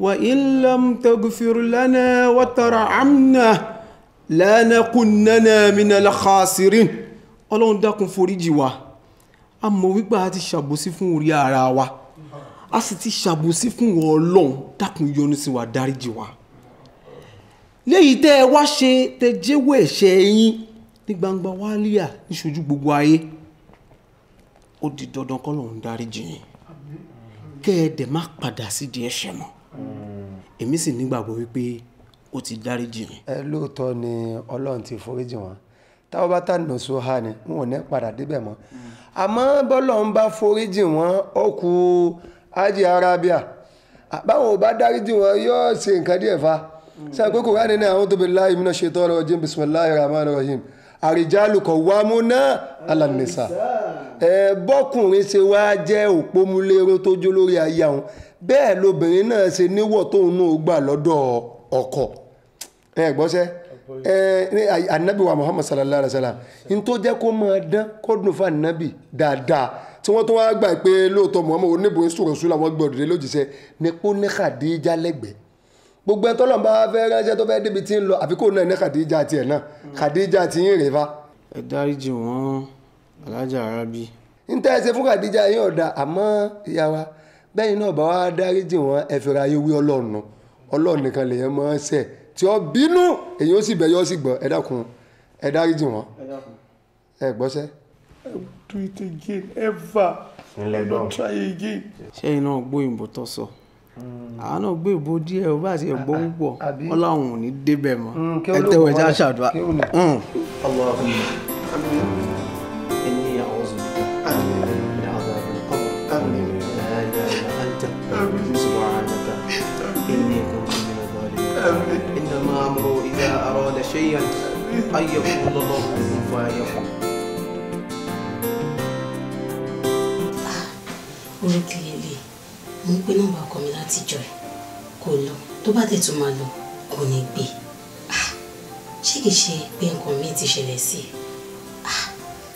Speaker 1: wà ìlàmùtàgùfìrìlánà wàtàrà àmúnà lanakunanna minal khasirin ọlọ́run dákun foríjì wa a mọ̀ wípé a ti ṣàbòsí fún orí ara wa a sì ti ṣàbòsí fún wọn ọlọ́run dákun yọ́nú sí wa dáríjì wa léyìí tẹ́ ẹ wá ṣe tẹ́ jẹ́wọ́ ẹ̀ṣẹ̀ yín ní gbangba wálíà níṣojú gbogbo ayé ó di dandan kọ́lọ́run dáríjì yín kẹ́ ẹ dẹ̀ má padà sídìí ẹ̀ṣẹ̀ mọ́ èmi sì nígbàgbọ́ wípé ó ti dáríjì mi. ẹ lóòótọ́ ni ọlọ́run ti foríjì wọn táwọn bá tà nà so ha ni wọn ò ní padà débẹ̀ mọ́ àmọ́ bọ́lọ́run bá foríjì wọn ó ku ájì arábíà báwọn ò bá dáríjì wọn yóò ṣe nǹkan díẹ̀ fa sàkó kò wá nínú àwọn tóbi láì mìíràn ṣe tọrọ jim bisimilahi rahman rahim àrìjálù kọ wá mú náà alànìsà ẹ bọkùnrin ṣe wá jẹ òpómúléró tó jó lórí ayé àwọn bẹ́ẹ̀ lobìnrin náà ṣe níwọ̀ tóun náà gbà lọ́dọ̀ ọkọ ẹ gbọ́sẹ́ ẹ anabi wa muhammad sallallahu alaihi wasallam sallam n tó jẹ́ kó máa dán kó dùn fún anabi dáadáa tí wọ́n tó wá gbà pé lóòótọ́ muhammad oníbo sùrọ̀sù làwọn gbọ́dọ̀ dé lójíṣẹ́ ni kó ní Khadija lẹ́gbẹ̀ẹ́ gbogbo ẹni tọ́lọ́mùbá fẹ́ ránṣẹ́ tó fẹ́ débi tí ń lọ àfi náà ní Khadija tiẹ̀ náà Khadija ti ń rè fa. ẹ dáríjì wọn alájà arábí. n tẹ́ ẹ ṣe fún Khadija yín ọ̀dà àmọ́ ìyá wa bẹ́ẹ̀ náà bá wa dáríjì wọn ẹ fẹ́ra ayé wí ọlọ́run ọlọ́run nìkan lèyẹn mọ́ ṣẹ́ẹ̀ tí ó bínú èyí ó sì bẹ̀ yọ sí gbọ́ ẹ dákun ẹ dáríjì wọn ẹ gbọ́sẹ́. I do it again ever I will try again. ṣẹ́yìn náà gbóyìnbó tó sọ àwọn náà gbé ìbò díẹ̀ ó bá ti gbọ́ púpọ̀ wọn làwọn ò ní débẹ̀ mọ́ mm, ẹ tẹ́wọ̀ ẹ já ṣàdúrà. شيئا
Speaker 5: أن يكون الله كفوا يكون
Speaker 7: ah, orí kìlẹ̀lẹ̀ mo ń pè nọ́mbà ọkọ mi láti jọ ẹ̀ kò lọ tó bá dẹ̀ tún máa lọ kò ní gbé ah, ṣé kìí ṣe pé nǹkan mi ti ṣẹlẹ̀ sí i ah,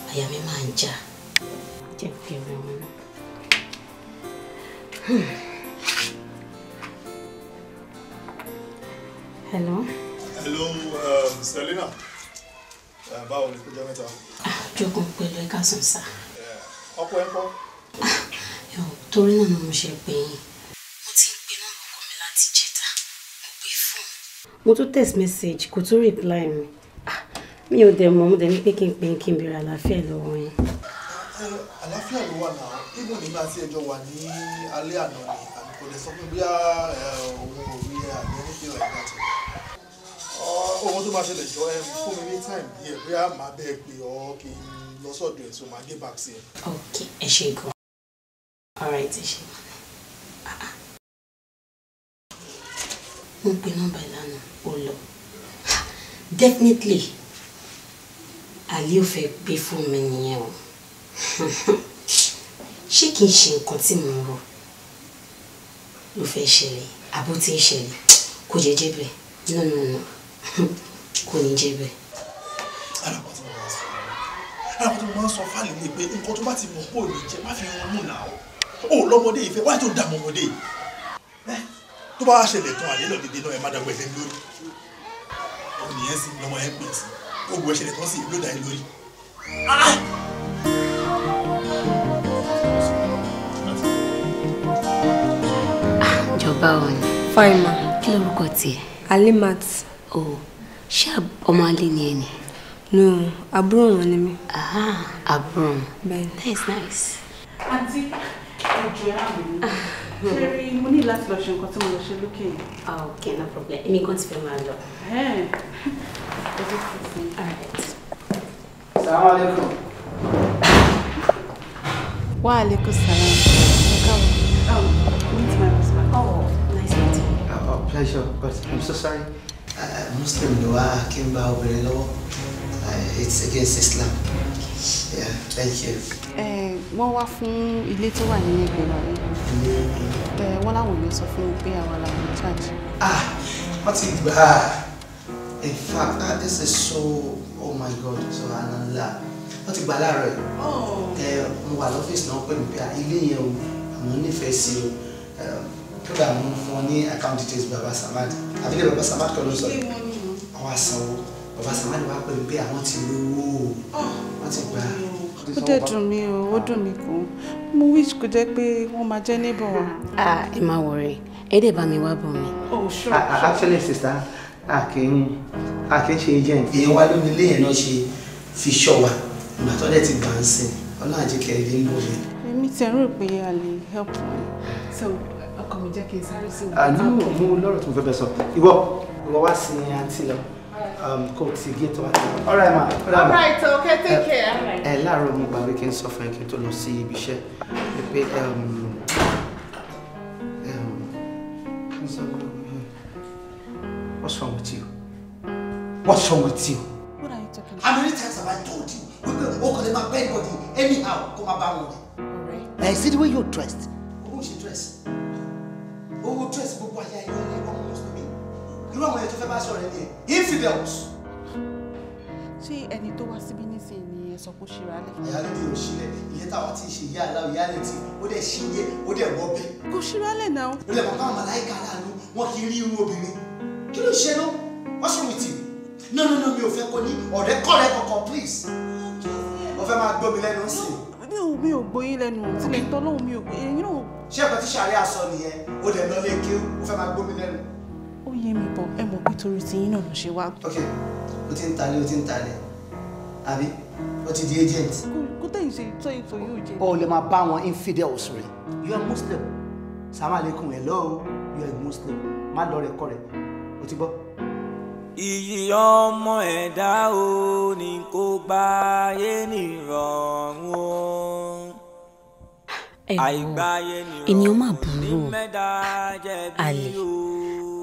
Speaker 7: àyà mi já jẹ́ pé ọ̀rẹ́ wọn
Speaker 1: Hello hello um, uh, Selina uh, báwo ni kó jẹ́ mẹ́ta.
Speaker 7: àjọkùn pẹ̀lú ẹ̀ka sùn sá. ọkọ ẹ kọ. torí náà ni mo ṣe pè yín. mo ti ń pe nọ́mbà ọkọ mi láti jẹta kò gbé fóònù. mo tún text message kò tún reply mi ah, mi ò dẹ̀ mọ̀ mo dẹ̀ ní pé kí n pè kí n béèrè àlàáfíà lọ́wọ́ yín.
Speaker 6: Uh,
Speaker 1: àlàáfíà ló wà náà ibùn ní máa ti ẹjọ́ wà ní alẹ́ àná ni àbíkò lè sọ pé bí òun ò rí àbí ẹni pé ohun tó máa ṣẹlẹ̀ jọ ẹ fún mi ní time díẹ̀ bóyá màá bẹ́ẹ̀ pé ọ kí n lọ sọ́dọ̀ ẹ̀ so màá get back sí ẹ. ok ẹ ṣe gan alright ẹ ṣe
Speaker 4: mo pe nọ́mbà
Speaker 7: ìlànà ó lọ definitely àlẹ́ ò fẹ́ gbé fún mi nìyẹn o ṣé kì í ṣe nǹkan tí mo ń rò ló fẹ́ ṣẹlẹ̀ àbó tí ń ṣẹlẹ̀ kò jẹ́jẹ́ bẹ́ẹ̀ no no no kò ní jẹ́ bẹ́ẹ̀.
Speaker 1: alákọ̀ọ́ tí mo máa ń sọ alákọ̀ọ́ tí mo máa ń sọ fáàlì ni pé nǹkan tó bá ti mọ̀ kó ní jẹ́ má fi irun mú náà o lọ́mọdé ìfẹ́ wáyé tó dààmú ọmọdé tó bá ṣẹlẹ̀ tán àyẹ́lò dìde náà ẹ má dàgbẹ́ lẹ́nu lórí òun nìyẹn sì lọ́mọ ẹ pè sí gbogbo ẹ̀ṣẹ̀lẹ̀ tán sì ló dà ẹ lórí. Ah, ìjọba
Speaker 7: ò ní. fáìmà kí lorúkọ tiẹ̀. alimat Oh, she ọmọ alẹ́ ni No, a broom ni Ah, a broom. Bẹ́ẹ̀ni. Nice, nice.
Speaker 5: Àǹtí, ẹ̀jọ̀ ẹ̀ àmì mi. Ṣé rí mo ní láti lọ ṣe nǹkan tí mo lọ ṣe lókè yìí? Ah, okay, no problem.
Speaker 7: Èmi kan
Speaker 1: ti fẹ́
Speaker 5: máa lọ. Assalamu alaikum. Wa alaikum salam. Oh, meet my husband. Oh, nice meeting
Speaker 1: you. Oh, pleasure, but I'm so sorry. Uh, muslim dua, wá kí n bá obìnrin it's against islam yeah thank you.
Speaker 5: wọ́n wá fún ilé tó wà ní ẹgbẹ̀rún rẹ̀ wọ́n láwọn ò ní sọ fún un pé àwa làwọn ń charge. ah
Speaker 1: wọ́n ti gbà á in fact ah, this is so oh my god so ananla wọ́n ti gbà láàárọ̀ ẹ̀ oh. eh, mo wà lọ́fíìsì náà pé mi ah, pé ilé yẹn o àmọ́ nífẹ̀ẹ́ sí o. Eh, kódà mo ń fún ọ ní account details baba samad àbílẹ̀ baba samad kọ́ ló sọ ọwọ́ àsanwó baba samad wàá pè mí pé àwọn ti lówó ah, wọ́n ti gbà á ó dẹ̀ dùn
Speaker 5: mí o ó dùn mí gan mo wish kó jẹ́ pé wọ́n máa jẹ́ níbọ̀ wa. ẹ má wọrẹ ẹ dẹ̀ bá mi wá bọ̀ mi. Oh,
Speaker 1: ah, ah, actually sister akin akin ṣe agent. èèyàn wa lóbi ilé yẹn náà ṣe fi ṣọ wa ìgbà tó dẹ̀ ti gbà ń sìn ọlọ́run àjẹkẹ̀rẹ̀ dé ń lò mí.
Speaker 5: èmi ti rò pé a lè help me so mi ah, jẹ́ kí n sáré sí ìwọ. àní
Speaker 1: mo lọ́rọ̀ tí mo fẹ́ bẹ sọ ìwọ ìwọ wá sí àǹtí lọ um, kò tí gé tó wá tó ma all ma all right okay take um, care. ẹ láàárọ̀ mo gbàgbé kí n sọ fún ẹ kí n tó lọ sí ibi iṣẹ́ pé um, what's wrong with you what's wrong with you. what are you talking about. how many times have I told you wípé o kò lè máa bẹ́ẹ̀ bọ́dì anyhow kó máa bá wọn. I see the way you dressed. tó fẹ́ bá sọ̀rọ̀ ẹni ẹ̀ infidels.
Speaker 5: ṣé ẹni tó wá síbí nísìnyí ni ẹ sọ pé ó ṣíra lẹ. ìyáálé ni ò
Speaker 1: ṣílẹ ìyẹn táwa ti ṣe ìyá aláwọ ìyáálé tí ó dẹ ṣí iye ó dẹ wọ bẹ.
Speaker 5: kò ṣíra lẹ náà. ó lè mọ pé àwọn màláìka aláàánú wọn kì í rí irun obìnrin kí ló ṣe náà what's wrong with you no no no mi ò
Speaker 1: fẹ́ kó ní ọ̀rẹ́ kọ́rẹ́ kankan please mo fẹ́ máa gbọ́ mi sí i.
Speaker 5: mi ò mi ò gbóyin lẹ́nu tilẹ̀ ń tọ́ lóhùn mi ò gbóyin. ṣé ẹ̀kọ́ tí sàárẹ̀ aṣọ nìyẹn ó dẹ̀ lọ lé kí ó fẹ́ máa gbọ́ lẹ́nu yé mi bọ̀ ẹ mọ̀ pé torí ti yín náà ló ṣe wá. ok o
Speaker 1: ti ń talé o ti ń talé àbí o ti di agent.
Speaker 5: kò tẹ̀yìn ṣe tẹ̀yìn tó yóò jẹ. o lè
Speaker 1: máa bá wọn infidels rẹ you are muslim salaam aleykum hello you
Speaker 2: are muslim má lọ rẹ kọ rẹ o ti gbọ́ iyì ọmọ ẹ̀dá o ní kó bá yé nìrọ̀rùn o. ẹ̀wọ̀n ènìyàn máa burú o àlè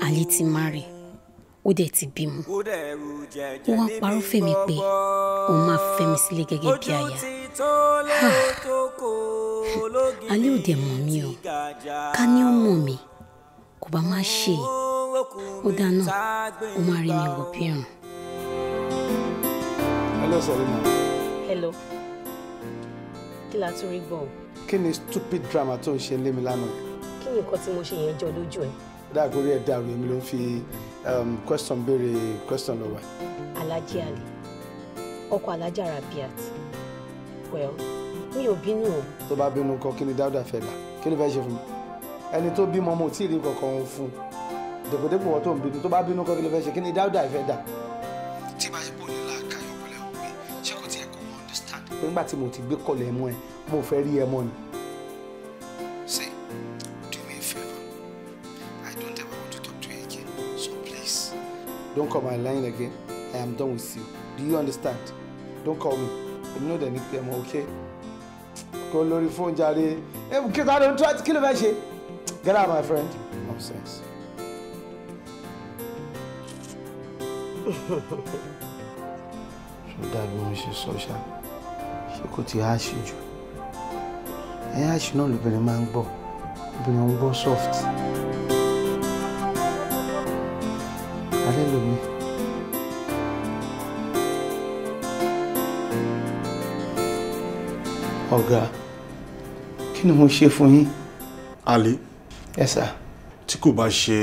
Speaker 7: alẹ́ ti máa rè ó dẹ̀ ti bímọ ó wá parọ́ fèmí pé òun máa fẹ́ mi sílé gẹ́gẹ́ bí aya alẹ́ ò dẹ̀ mọ̀ mí o ká ní ó mọ̀ mí kò bá má ṣe ó dáná ó máa rí mi wò bí irun. hello Selena. hello kí la tún rí gbọ́.
Speaker 1: kí ni stupid drama tó ń ṣe lé mi lánàá. kí ni nǹkan tí mo ṣe yẹn jọ lójú ẹ dáàgórí ẹ̀ dàrú èmi ló ń fi um, question béèrè question lọ́wọ́ ẹ̀.
Speaker 7: alhaji ali ọkọ alhaji rabiat
Speaker 1: well mi ò bínú o. tó bá bínú kọ kí ni dáúdà fẹ́ dà kí ló fẹ́ ṣe fún mi ẹni tó bímọ mo tí ì rí kankan òun fún un dèpòdèpò wọ́n tó ń bínú tó bá bínú kọ kí ló fẹ́ ṣe kí ni dáúdà ìfẹ́ dà. tí bá yẹ kó ní láàka ìyókù lẹ́hìn pé ṣé kò tiẹ̀ kò mọ understand. pé ńgbà tí mo ti gbé kọlẹ̀ ẹ̀mọ́ ẹ mo fẹ́ rí ẹ̀mọ́ ni don't call my line again i am done with you do you understand don't call me èmi know the ní pé okay kó lórí phone, jáde Hey, kí don't try to kill kí get out my friend nonsense. ṣé dàbí wọn ṣe social? She could be ti háàṣì jù ẹ háàṣì náà lóbìnrin máa ń gbọ́ obìnrin ń gbọ́ soft. Halloween. ọ̀gá kí ni mo ṣe fún yín. Ali. ẹ sà. tí kò bá ṣe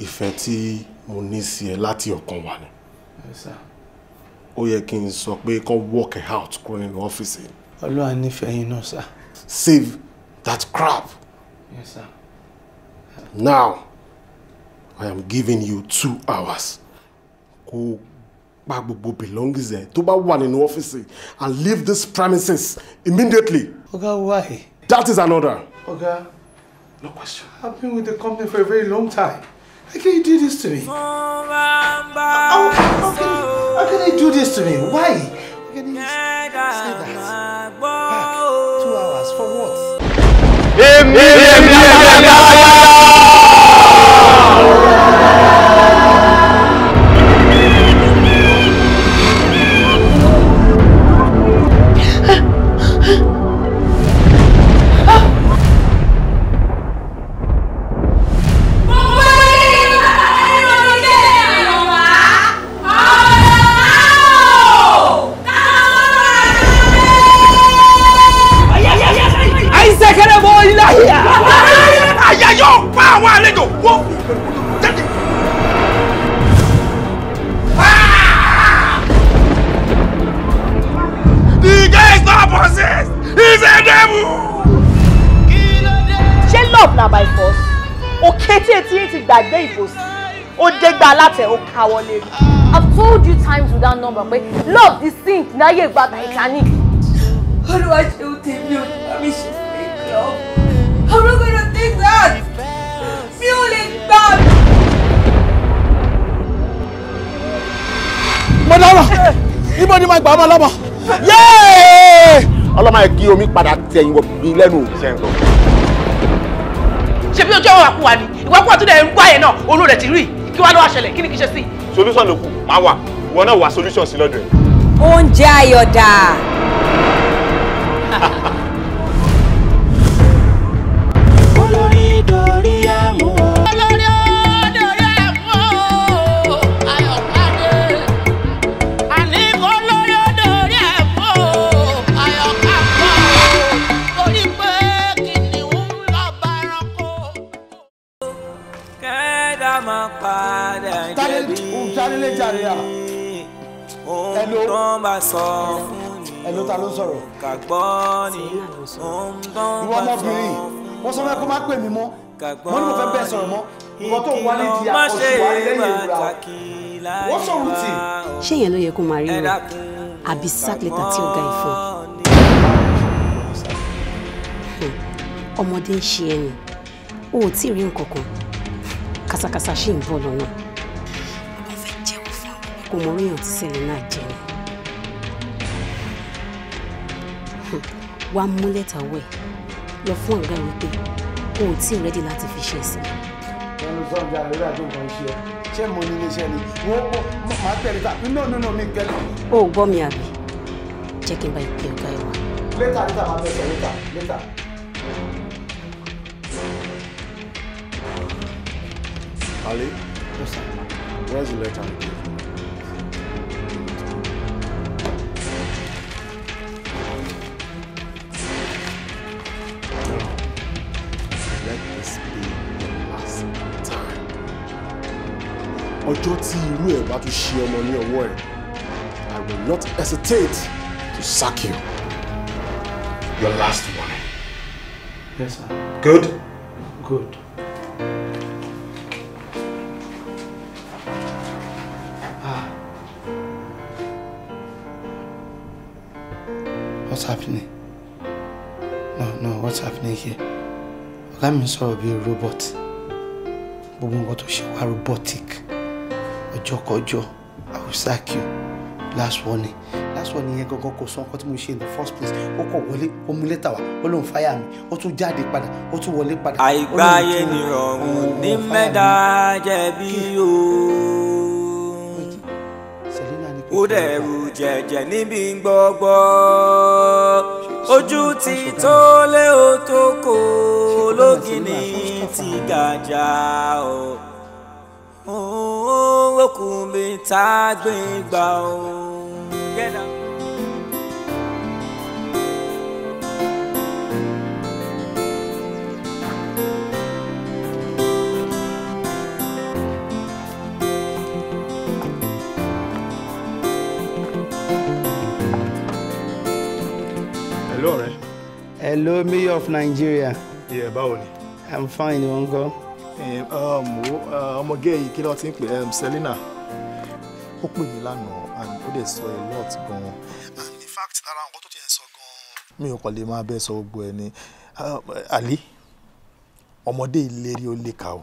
Speaker 1: ìfẹ́ tí mo ní sí ẹ láti ọkàn wà ni. ẹ sà. ó yẹ kí n sọ pé kó work it out kúrò nínú ọ́fíìsì. Olúwa nífẹ̀ẹ́ yín náà sà. save that crap. yes sir. now. I am giving you two hours. Kó pa gbogbo belongings ẹ̀ tó one in nínú ọ́fíìsì and leave this premises immediately. Oga why? That is an order. Oga, no question. I've been with the company for a very long time. How can you do this to me? How, oh, how, can, you, how can you do this to me? Why? How can
Speaker 4: you say that? Back, ah, two hours for
Speaker 1: what? Amen.
Speaker 7: love na by force òkè tí etí yìí ti o ìbòsí ó dégbà látẹ̀ ó káwọ́ lérí. I've told you times without number pé love dey sink ye gba Titanic. olúwa ṣe o tèmi o bá
Speaker 5: mi ṣe
Speaker 3: fake love I'm not gonna take that mi ò lè gbà.
Speaker 5: mo dára
Speaker 1: ibo ni màá gbà ọmọ lọ́mọ. ọlọ́mọ ẹ̀ kí omi padà tẹ̀yìn wọ̀ bí lẹ́nu
Speaker 5: ṣebí ojú ọwọ́ àkúwà ni ìwàkúwà tó dẹ̀
Speaker 1: ń wáyé náà olú rẹ̀ ti rí kí wàá lọ́wọ́ ṣẹlẹ̀ kí ni kí ṣe solution ló kù máa wà ìwọ náà wà solution sí lọ́dọ̀ ẹ̀.
Speaker 2: oúnjẹ ayọ̀dà. bá sọ fún ni ẹnu ta ló ń sọ̀rọ̀. kàgbọ́ ni ó ń bá sọ fún ni. ìwọ ọmọbìnrin wọ́n sọ fẹ́ kó má pè mí mọ́ mo ní mo fẹ́ bẹ́ẹ̀ sọ̀rọ̀ mọ́
Speaker 1: ìwọ tó wà ní di àkọsí wa lẹ́yìn ìrora wọ́n sọ̀rọ̀ tì.
Speaker 7: ṣé yẹn ló yẹ kó máa rí o àbí sáklẹ̀tà tí ó ga ìfún. ọmọdé ń ṣe ẹni o ò tí ì rí nǹkan kan kàṣàkàṣà ṣì ń bọ̀ lọ́nà kò mọ̀ oríyàn tí sẹ́lẹ̀ náà jẹ́ ni. wá mú lẹ́tà wẹ̀ lọ fún ọ̀gá rẹ pé o ò tí ì rẹ́dí láti fi ṣe ìsinmi.
Speaker 1: ẹnu sọ́jà rẹ̀ àti nǹkan ṣe ẹ ṣé mo ní iléeṣẹ́ ni wọ́n pọ̀ máa tẹ̀lé ta nínú nínú mi kẹ́lẹ́.
Speaker 7: o ò gbọ́ mi àbí jẹ́ kí n bá ìpè ọ̀gá ẹ̀ wá.
Speaker 1: lẹ́tà lẹ́tà máa fẹ́ sọ lẹ́tà lẹ́tà. Ali, where's the letter? ọjọ́ tí irú ẹ̀ bá tún ṣe ọmọ ní ọwọ́ ẹ̀ I will not hesitate to sack you. Your last one. Yes, sir. Good? Good. Ah. What's happening? No, no, what's happening here? Ọ̀gá mi sọ̀rọ̀ bíi robot. Gbogbo nǹkan tó ṣe wá robotic ọjọ́kọjọ́ I will sack you last warning last warning yẹn gangan kò sọ nǹkan tí mo ṣe in the first place ó kàn wọlé ó mú lẹ́tà wá ó lóun fáyà mi ó tún jáde padà ó tún wọlé padà. àìgbáyé nìrọ̀rùn ní mẹ́ta
Speaker 2: jẹ̀bi o ó dẹ̀rù jẹ̀jẹ̀ níbi gbọ́gbọ́ ojú ti tó lé o tó kò lógìní ti gàjà o kún mi tá a gbé
Speaker 1: Hello, ọ̀rẹ́. Hello, mayor of Nigeria. Yeah, báwo I'm fine, Uncle. Eh, um, uh, ọmọge yìí kí ló ti ń pè um, Selina ó pè mí lánàá and ó dẹ̀ sọ a lot gan-an and in fact lára nǹkan tó ti ẹ̀ sọ gan-an mi ò kàn lè máa bẹ́ẹ̀ sọ gbogbo ẹ̀ ni àlè um, ọmọdé ìlérí ó lè kà ó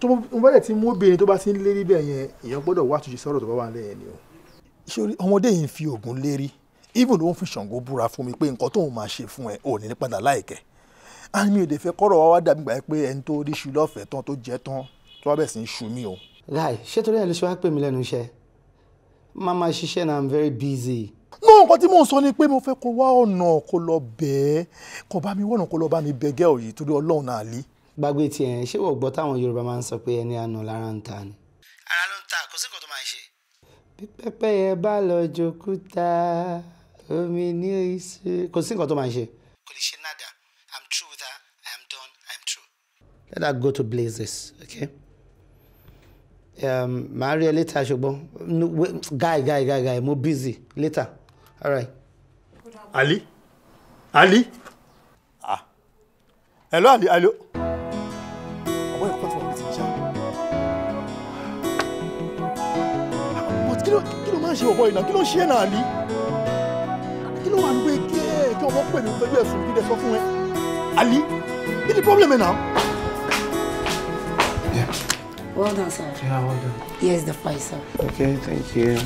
Speaker 1: tó bá dẹ̀ ti mú obìnrin tó bá ti ń lérí bẹ́ẹ̀ yẹn èèyàn gbọ́dọ̀ wá àtúnṣe sọ̀rọ̀ tó bá wà ń lẹ́yìn ni o ṣé ọmọdé yìí ń fi oògùn lérí even ló ń fi Ṣàngó búra fún mi pé nǹkan tóun máa ṣe fún ẹ ò á ah, ní mi ò dé fẹ́ kọ́rọ̀ wá wá dàbí gbà pé ẹni tó rí ṣu lọ́fẹ̀ẹ́ tán tó jẹ́ tán tó wá bẹ̀ sí ṣu mí o. guy ṣé torí ẹ ló ṣe wá pè mí lẹ́nu iṣẹ́ máa máa ṣiṣẹ́ na i'm very busy. no nǹkan tí mò ń sọ ni pé mo fẹ́ kó wá ọ̀nà kó lọ bẹ́ẹ̀ kó bá mi wọ̀nà kó lọ bá mi bẹ gẹ́ọ̀ yìí torí ọlọ́run náà lé. gbàgbé tiẹ̀ ṣé wọ́n gbọ́ táwọn yorùbá máa ń sọ pé ẹni àná lára ń ta ni. ara ló ń ta kò sí nǹkan tó máa ṣe. bí pẹ́pẹ́yẹ bá lọ jòkúta omi ní ìṣe kò sí nǹkan tó máa ṣe. kò lè ṣe nada let that go to blazes okay um, màá rí ẹ later ṣùgbọ́n guy guy guy guy More busy later all right. ali ali ah hello ali ali ọwọ́ ẹ̀kọ́ tí wọ́n ti já kí ló kí ló máa ń ṣe ọ̀bọ ìnà kí ló ń ṣe é náà ali kí ló wà ń gbé kí ọmọ pẹ̀lú pẹ̀lú ẹ̀sùn kí lè sọ fún ẹ ali kí ni problem ẹ̀ náà.
Speaker 7: Yeah. Well done, sir.
Speaker 4: Yeah, well done.
Speaker 7: Here's the file, sir.
Speaker 1: Okay, thank you.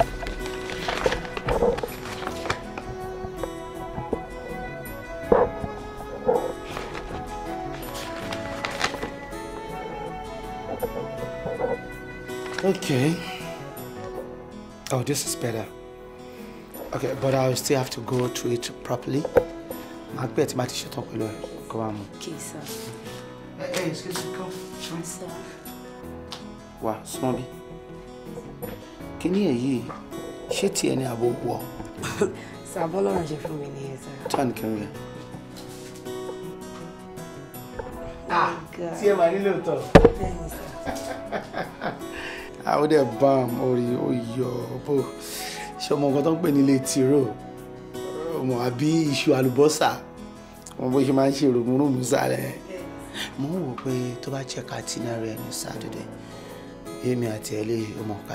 Speaker 1: Okay. Oh, this is better. Okay, but I'll still have to go through it properly. I'll bet my t-shirt Okay, sir. Eh, hey, eh, excuse me, come. Sure. Sir. Wà, Smọ́bí. Kí ni èyí? Ṣé tiẹ̀ ni àbò wọ̀?
Speaker 4: Sà, bọ́lọ́run ṣe fún mi nìyẹn, sà.
Speaker 1: Tán kẹrin yẹn. Ah, oh tí ẹ máa nílò tọ̀. Bẹ́ẹ̀ni, sà. Àwọn dẹ̀ bam orí oyọ̀ bò. Ṣé ọmọ nǹkan tó ń pè nílé tìró? Ọmọ àbí iṣu àlùbọ́sà? Ọmọ bó ṣe máa ń ṣe ròmùrùmù mo ń wò pé tó bá jẹ́ ká ti náà rẹ̀ ní sátidé èmi àti ẹ lè mọ̀ ká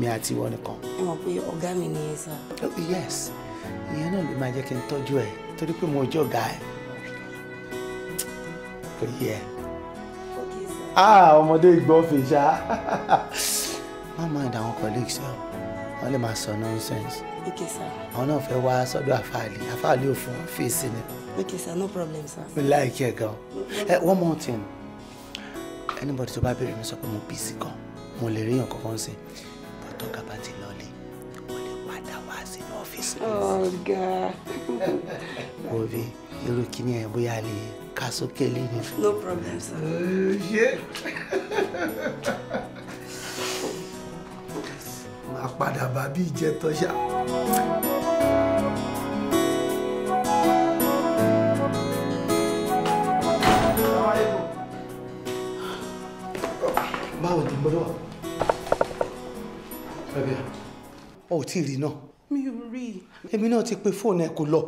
Speaker 1: mi àti ìwọ nìkan. ẹ mọ̀ pé mi ni ẹ oh, yes ìyẹn náà ló máa jẹ́ kí n tọ́jú ẹ torí pé mo jọ ọ̀gá ẹ kò yẹ. ah ọmọdé gbọ́ fèsà má máa dà àwọn colleagues ẹ wọ́n lè máa sọ nonsense. okay sir. àwọn náà fẹ́ wá sọ́dọ̀ àfàlì àfàlì ò fún ọ́fíìsì ni okay sir
Speaker 4: no problem sir.
Speaker 1: We like ẹ girl. Hey, eh, one more thing anybody tó bá béèrè mi sọ pé mo busy gan mo lè ríyàn kankan sí bọ́tọ̀ gàba ti lọlé mo lè
Speaker 4: in wá sínú ọ́fíìsì. ọ̀gá. Oh,
Speaker 1: òbí irú kíní ẹ bóyá lè ká sókè lẹ́nu.
Speaker 4: no problem sir.
Speaker 1: máa padà bá bí ìjẹ tọ́ṣà. báwo ni mo lọ. Rabia ọ ò tí ì rí náà.
Speaker 5: mi ò rí i.
Speaker 1: èmi náà ti pe fóònù ẹ kò lọ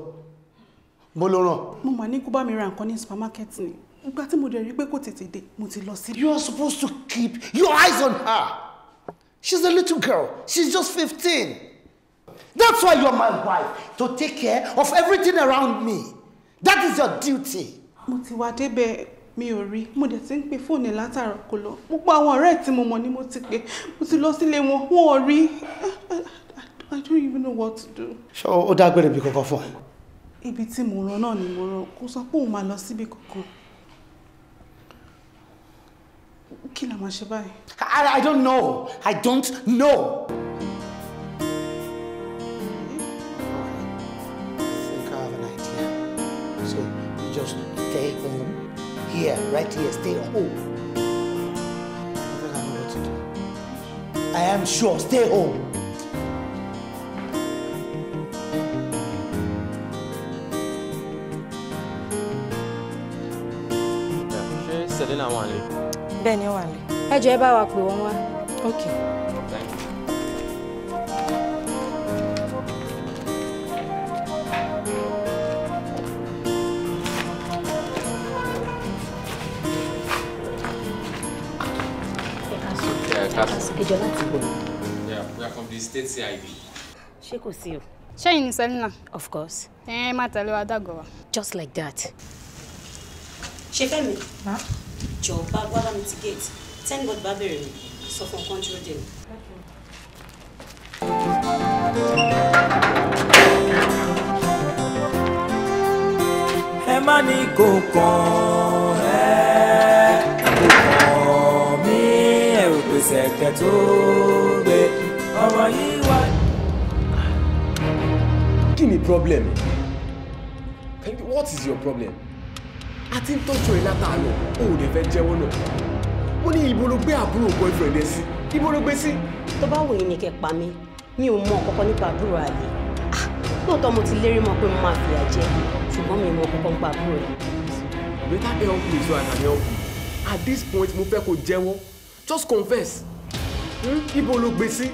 Speaker 1: mo ló ràn. mo
Speaker 5: mà ní kó bá mi ra nǹkan ní supermarket ni ìgbà tí mo dẹ̀ rí pé kò tètè dé mo ti lọ sí. you are supposed to keep your eyes on her she's a little girl she's just fifteen that's why you're my wife to take care of everything around me that is your duty. mo ti wá débẹ̀ mi ò rí mo dẹ̀ ti ń pe fóònù látàárọ̀ kò lọ gbogbo àwọn ọ̀rẹ́ tí mo mọ̀ ni mo ti pè mo ti lọ sílé wọn wọn ò rí I don't even know what to do.
Speaker 1: ṣé ó dágbére bí kankan fún ẹ.
Speaker 5: ibi tí mo rán náà ni mo rán kó sọ pé òun máa lọ síbi kankan kí la máa ṣe báyìí.
Speaker 1: I, I don't know I don't know.
Speaker 4: here, right here, stay home.
Speaker 1: I am sure. Stay home. ṣé Selena wà lé?
Speaker 3: bẹ́ẹ̀ ni wà lé. ẹ jẹ́ ẹ bá wa pè wọ́n wá. okay.
Speaker 1: ẹjọ́ láti bọ̀ ni. we are from the state CID.
Speaker 7: ṣé kò sí o. ṣẹ́yìn ni selina. of course. ẹ má tẹ̀lé wa dàgọ̀ just like that. ṣe fẹ́ mi. jọ̀ọ́ bá gbọ́dọ̀ mi ti gate ten god bá bẹ̀rẹ̀ mi sọ fún kọ́ńtì ó dé
Speaker 2: ẹ má ní kó ṣẹ̀kẹ̀ tó gbé ọmọ yìí wá.
Speaker 1: kí ni problem what is your problem a ti ń tọ́jú ẹ látàárọ̀ o ò dẹ̀ fẹ́ jẹ́wọ́ náà mo ní ibo ló gbé àbúrò boyfriend ẹ sí
Speaker 7: ibo ló gbé sí. tó bá wòye ni kẹ pa mí mi ò mọ kọkọ nípa àbúrò àlè ah, lóòótọ́ mo ti lérí mọ́ pé mo máa fìyà jẹ ṣùgbọ́n mi ò mọ kọkọ nípa àbúrò
Speaker 1: rẹ. better help me so I can help you at this point mo fẹ́ kó jẹ́wọ́ just confess. Hmm? ibo look busy.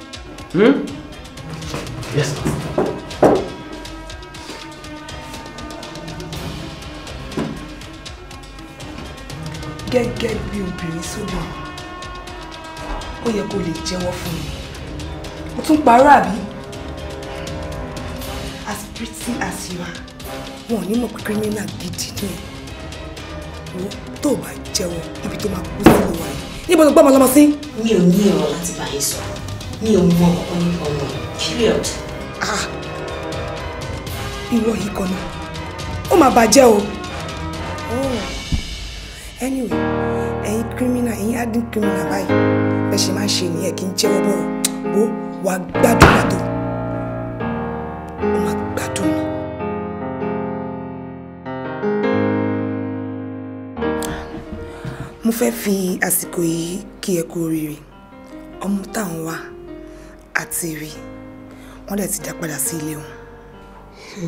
Speaker 1: Hmm? yes.
Speaker 4: gẹ́gẹ́ bí obìnrin sódò ó yẹ kó lè jẹ́wọ́ fún mi ó tún parọ́ àbí as pretty as you are wọn ò ní mọ̀ pé criminal gidi ni ẹ̀ wọ́n tó bá jẹ́wọ́ ibi tó máa kú sí ló wà níbo ló gbọ́ ọmọ lọ́mọ sí. mi ò ní ọ̀rọ̀ láti bá yín sọ̀rọ̀ mi ò mọ ọ̀kan nípa ọmọ period. ìwọ ah! yìí kan ni ó máa bàjẹ́ o. Oh. anyway ẹ̀yin criminal ẹ̀yin adin criminal báyìí bẹ́ẹ̀ ṣe máa ń ṣe nìyẹn kí n jẹ́wọ́ bọ̀rọ̀ wo wàá gbàdúrà mo fẹ́ fi àsìkò yìí kí ẹ kú oríire ọmọ táwọn wá àti rí wọ́n dẹ̀ ti dá padà sí ilé wọn.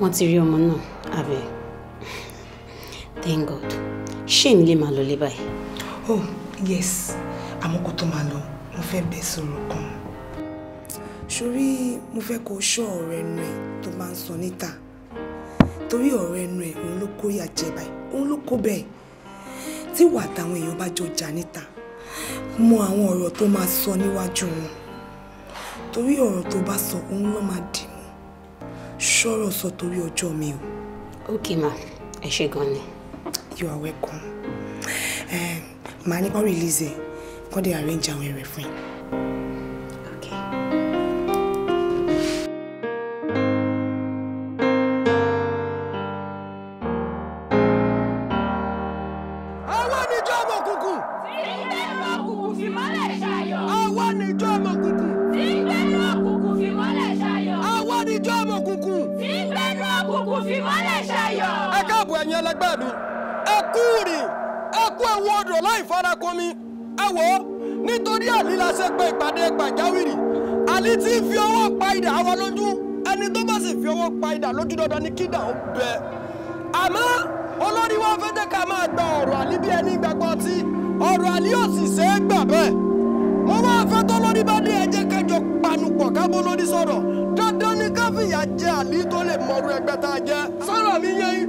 Speaker 4: wọ́n ti rí ọmọ náà àbẹ̀
Speaker 7: thank god Shane, èmi lè máa lọ lé báyìí.
Speaker 4: oh yes àmọ́ kó tó máa lọ mo fẹ́ bẹ̀ sọ̀rọ̀ kan sórí mo fẹ́ kó ṣọ́ ọ̀rọ̀ ẹnu ẹ̀ tó máa ń sọ níta torí ọ̀rọ̀ ẹnu ẹ̀ òun ló kó yà jẹ báyìí òun ló kó bẹ́ẹ̀ tí ìwà àtàwọn èèyàn bá jọ jà níta mọ àwọn ọ̀rọ̀ tó máa sọ níwájú wọn torí ọ̀rọ̀ tó bá sọ òun ló máa dì mú ṣọ́rọ̀ sọ torí ọjọ́ mi o. okay ma ẹ ṣe gan ni. you are welcome. màá ní kọ́ release ẹ̀ kọ́ dé arrange àwọn ẹ̀rẹ̀ fún yín.
Speaker 2: ọmọ mi ẹ
Speaker 5: wò ó nítorí àlí la ṣe pé ìpàdé pàjáwìrì àlí tí ń fi ọwọ́ pa idà àwọn lójú ẹni tó bá sì fi ọwọ́ pa idà lójú dandan ni kí idà ó bẹ
Speaker 1: àmọ́ olórí wa fẹ́ jẹ́ ká máa gba ọ̀rọ̀ àlí bí ẹni gbàgbọ́ tí ọ̀rọ̀ àlí ò
Speaker 5: sì ṣe é gbà bẹ́ẹ̀ mo wá fẹ́ tó lórí bá dé ẹ kẹjọ panupọ̀ kábó lórí sọ̀rọ̀ dandan ni káfíyà jẹ àlí tó lè mọ̀rú ẹgbẹ́ tá a jẹ sọ̀rọ̀ mi yẹ yín.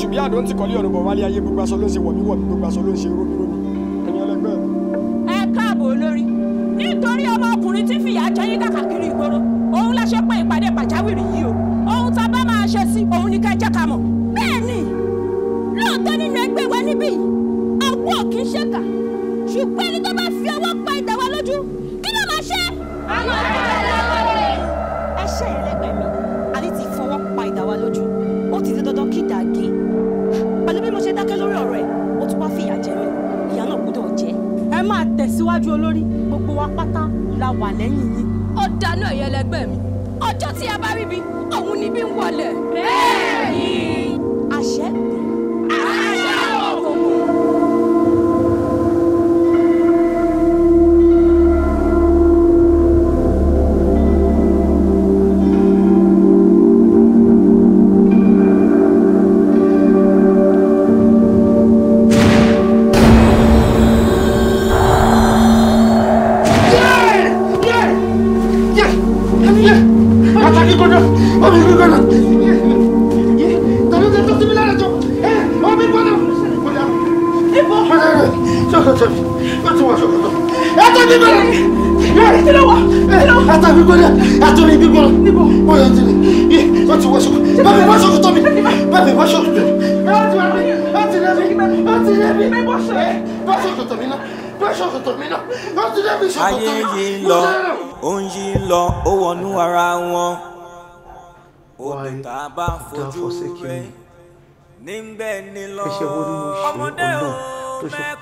Speaker 1: oṣù bí àdó ń ti kọ́lé ọ̀rùn bọ̀ wálé ayé gbogbo aṣọ ló ń ṣe wọ̀mí wọ̀mí gbogbo aṣọ ló ń ṣe rómi rómi ẹ̀yin
Speaker 7: ẹlẹgbẹ́ mi. ẹ káàbọ̀ olórí nítorí ọmọkùnrin tí fìyà jẹ yín káàkiri ìgboro òun la ṣe pé ìpàdé pàjáwìrì yìí o ohun tá a bá máa ṣe sí òun ni ká jẹ́ ká mọ̀. bẹ́ẹ̀ni lóòótọ́ nínú ẹgbẹ́ wa níbí yìí àwọn ò kì í ṣèkà ṣùgbọ́n ẹni tó bá fi ọwọ́ pa ìdàwọ́ lójú kí ló máa ṣe. àwọn ọ̀rẹ́ níwájú olórí gbogbo wa pátá la wà lẹ́yìn yín. ọ̀dà náà yẹlẹgbẹ́ mi ọjọ́ tí a bá rí bi òun ni bí ń wọlé. bẹ́ẹ̀ ni.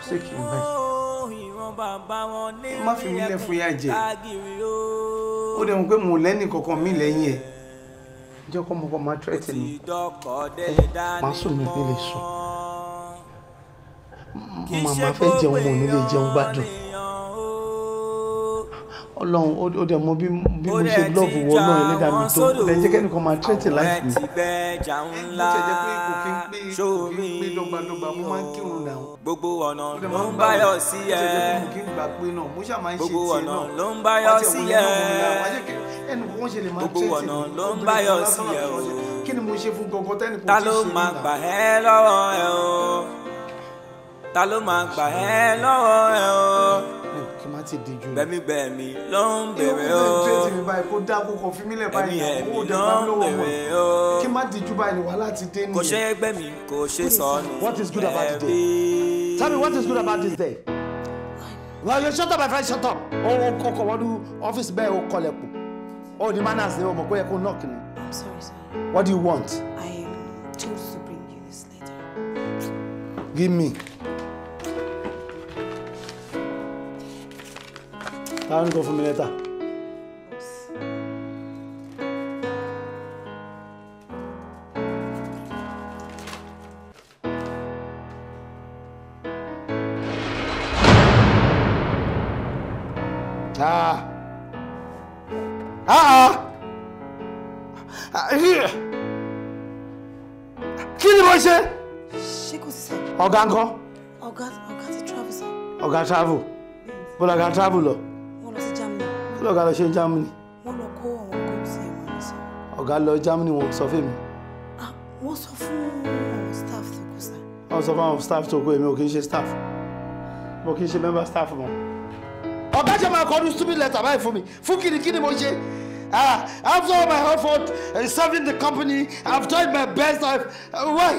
Speaker 2: ṣé kì í báyìí má fi mí lẹ̀ fún yá jẹ
Speaker 1: ó dẹ̀ mọ̀ pé mo lẹ́nì kankan mí lẹ́yìn ẹ̀ jẹ́ kọ́ máa tẹ́tẹ̀ mi máa sùn mi nílé sùn màmá fẹ́ jẹun mo nílé jẹun gbádùn ọlọ́run ó dẹ̀ mọ bí mo ṣe lọ́ọ̀bù wọ náà ẹlẹ́dàá mi tó bẹ́ẹ̀ jẹ́ kẹ́nìkan máa tírètì láìpẹ́. ọ̀rẹ́ ti
Speaker 2: bẹ́ẹ̀ jà ńlá sómi gbogbo ọ̀nà ló ń báyọ̀ sí ẹ
Speaker 1: gbogbo ọ̀nà ló ń báyọ̀ sí ẹ
Speaker 2: gbogbo ọ̀nà ló ń báyọ̀ sí ẹ o kí ni mo ṣe fún gọgọ tẹ́nìkan tí ṣe é ta ló máa gbà ẹ́ lọ́wọ́ ẹ o ta ló máa gbà ẹ́ lọ́wọ́ ẹ o ti di jù. bẹ́mi bẹ́mi ló ń bẹ̀rẹ̀ o. ìwé ìdílé tèmi báyìí
Speaker 1: kó dá kókó fi
Speaker 2: báyìí kó dẹ̀ bá lọ́wọ́ mọ́ kí má
Speaker 1: di jù báyìí wàhálà ti dé nìyẹn. kò ṣe
Speaker 2: é gbẹ̀mí kò ṣe sọnù. what is good about this day?
Speaker 1: tell me what is good about this day? well you shut up my friend shut up. o kọkọ wọnú ọ́fíìsì bẹ́ẹ̀ o kọlẹ̀ pọ̀ o ní manners ni o mọ̀ pé ẹ kó i'm sorry sir. what do you want?
Speaker 4: i chose to bring you this letter.
Speaker 1: give me. Time to go for Mineta. Ah. Ah. Kí ni mo ṣe?
Speaker 4: Ṣé kò sí sá? Ọ̀gá travel
Speaker 1: sá. Ọ̀gá travel? Bọ́lá ọ̀gá travel lọ kí lọ́gá lọ ṣe ní Germany.
Speaker 4: wọ́n lọ kó àwọn gómìnà sí ẹ̀wọ̀n ní sọ.
Speaker 1: ọ̀gá lọ Germany wọn sọ fún mi.
Speaker 4: wọ́n sọ fún àwọn staff tó kù sá.
Speaker 1: wọ́n sọ fún àwọn staff tó kù èmi ò kì í ṣe staff mo kì í ṣe member staff mọ́. ọ̀gá ṣe máa kọ́dún stupid letter báyìí fún mi fún kìnnìkìnnì mo ṣe. after my effort uh, serving the company, I've tried my best. I've, uh, why?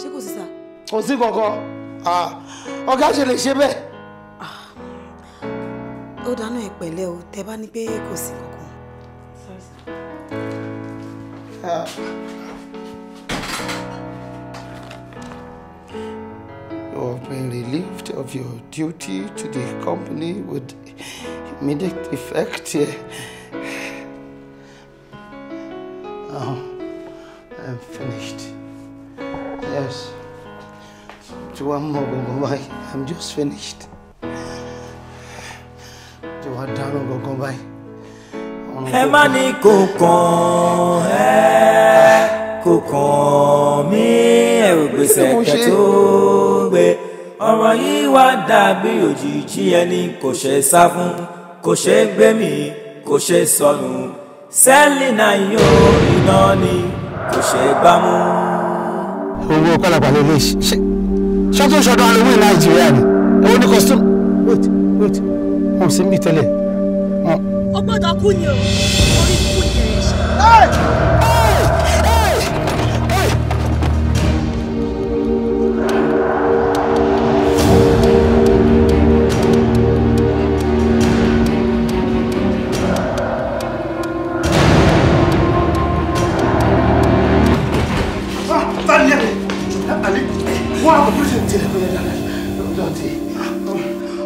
Speaker 1: Ṣé kò sí sá? Kò sí kankan. Ọ̀gá ṣe lè ṣe bẹ́ẹ̀
Speaker 7: tó dáná ẹ pẹ̀lẹ́ o tẹ bá ní pé kò sí kankan. Ah.
Speaker 6: You have been
Speaker 1: relieved of your duty to the company with immediate effect. Now ah, I'm finished. Yes. To one more, I'm just finished tí wàá dáná gangan báyìí.
Speaker 6: ẹ má ní kó kàn ẹ́
Speaker 2: kó kàn mí ẹ̀rù gbèsè kẹ́tó gbé ọ̀rọ̀ yìí wá dàbí òjìji ẹni kò ṣe sá fún kò ṣe gbé mi kò ṣe sọnù sẹ́ẹ̀lì náà yóò iná ni kò ṣe gbámú. owó kọ́lápà ló lè ṣe ṣọ́tún ṣọdún halloween
Speaker 1: nàìjíríà ni owó ní costume wait wait mais mais ń bí tẹ́lẹ̀. Allez, allez,
Speaker 2: allez, ni Ah,
Speaker 1: allez, allez, allez. Allez, you te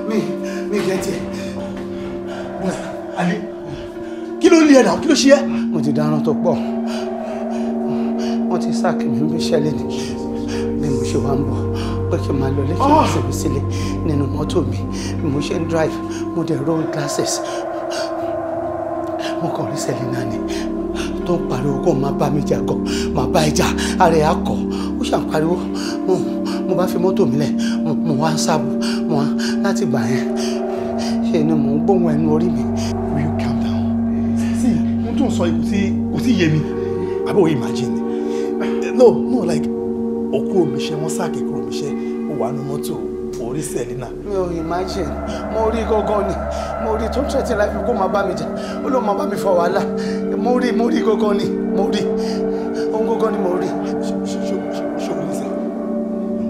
Speaker 1: Mais.. Mais viens ló lé ẹ̀nà kí ló ṣe ẹ́ mo ti dáná tó pọ̀ wọ́n ti sáàkì mi ń bí ṣẹlẹ̀ ní bí mo ṣe wá ń bọ̀ pé kí n máa lọ lẹ́kìn ọ̀sẹ̀ mi sílẹ̀ nínú mọ́tò mi bí mo ṣe ń drive mo dẹ̀ roll glasses mo kàn rí Selena ni tó ń pariwo kó máa bá mi jà kọ máa bá ìjà ara ẹ̀ á kọ̀ ó ṣàn pariwo mo bá fi mọ́tò mi lẹ̀ mo wá ń sábò mo láti gbà yẹn ṣe ni mò ń gbóhùn ẹnu orí mi ń sọ yìí kò kò sí yé mi àbí òye imagine no no like òkú omi ṣe wọ́n sáàkì kúrò omi ṣe wà nínú mọ́tò orí Selena. mi ò imagine mo rí gangan ni mo rí tó tẹ̀tí láìpẹ́ kó máa bá mi jà ó ló máa bá mi fa wàhálà mo rí mo rí gangan ni mo rí ohun gangan ni mo rí.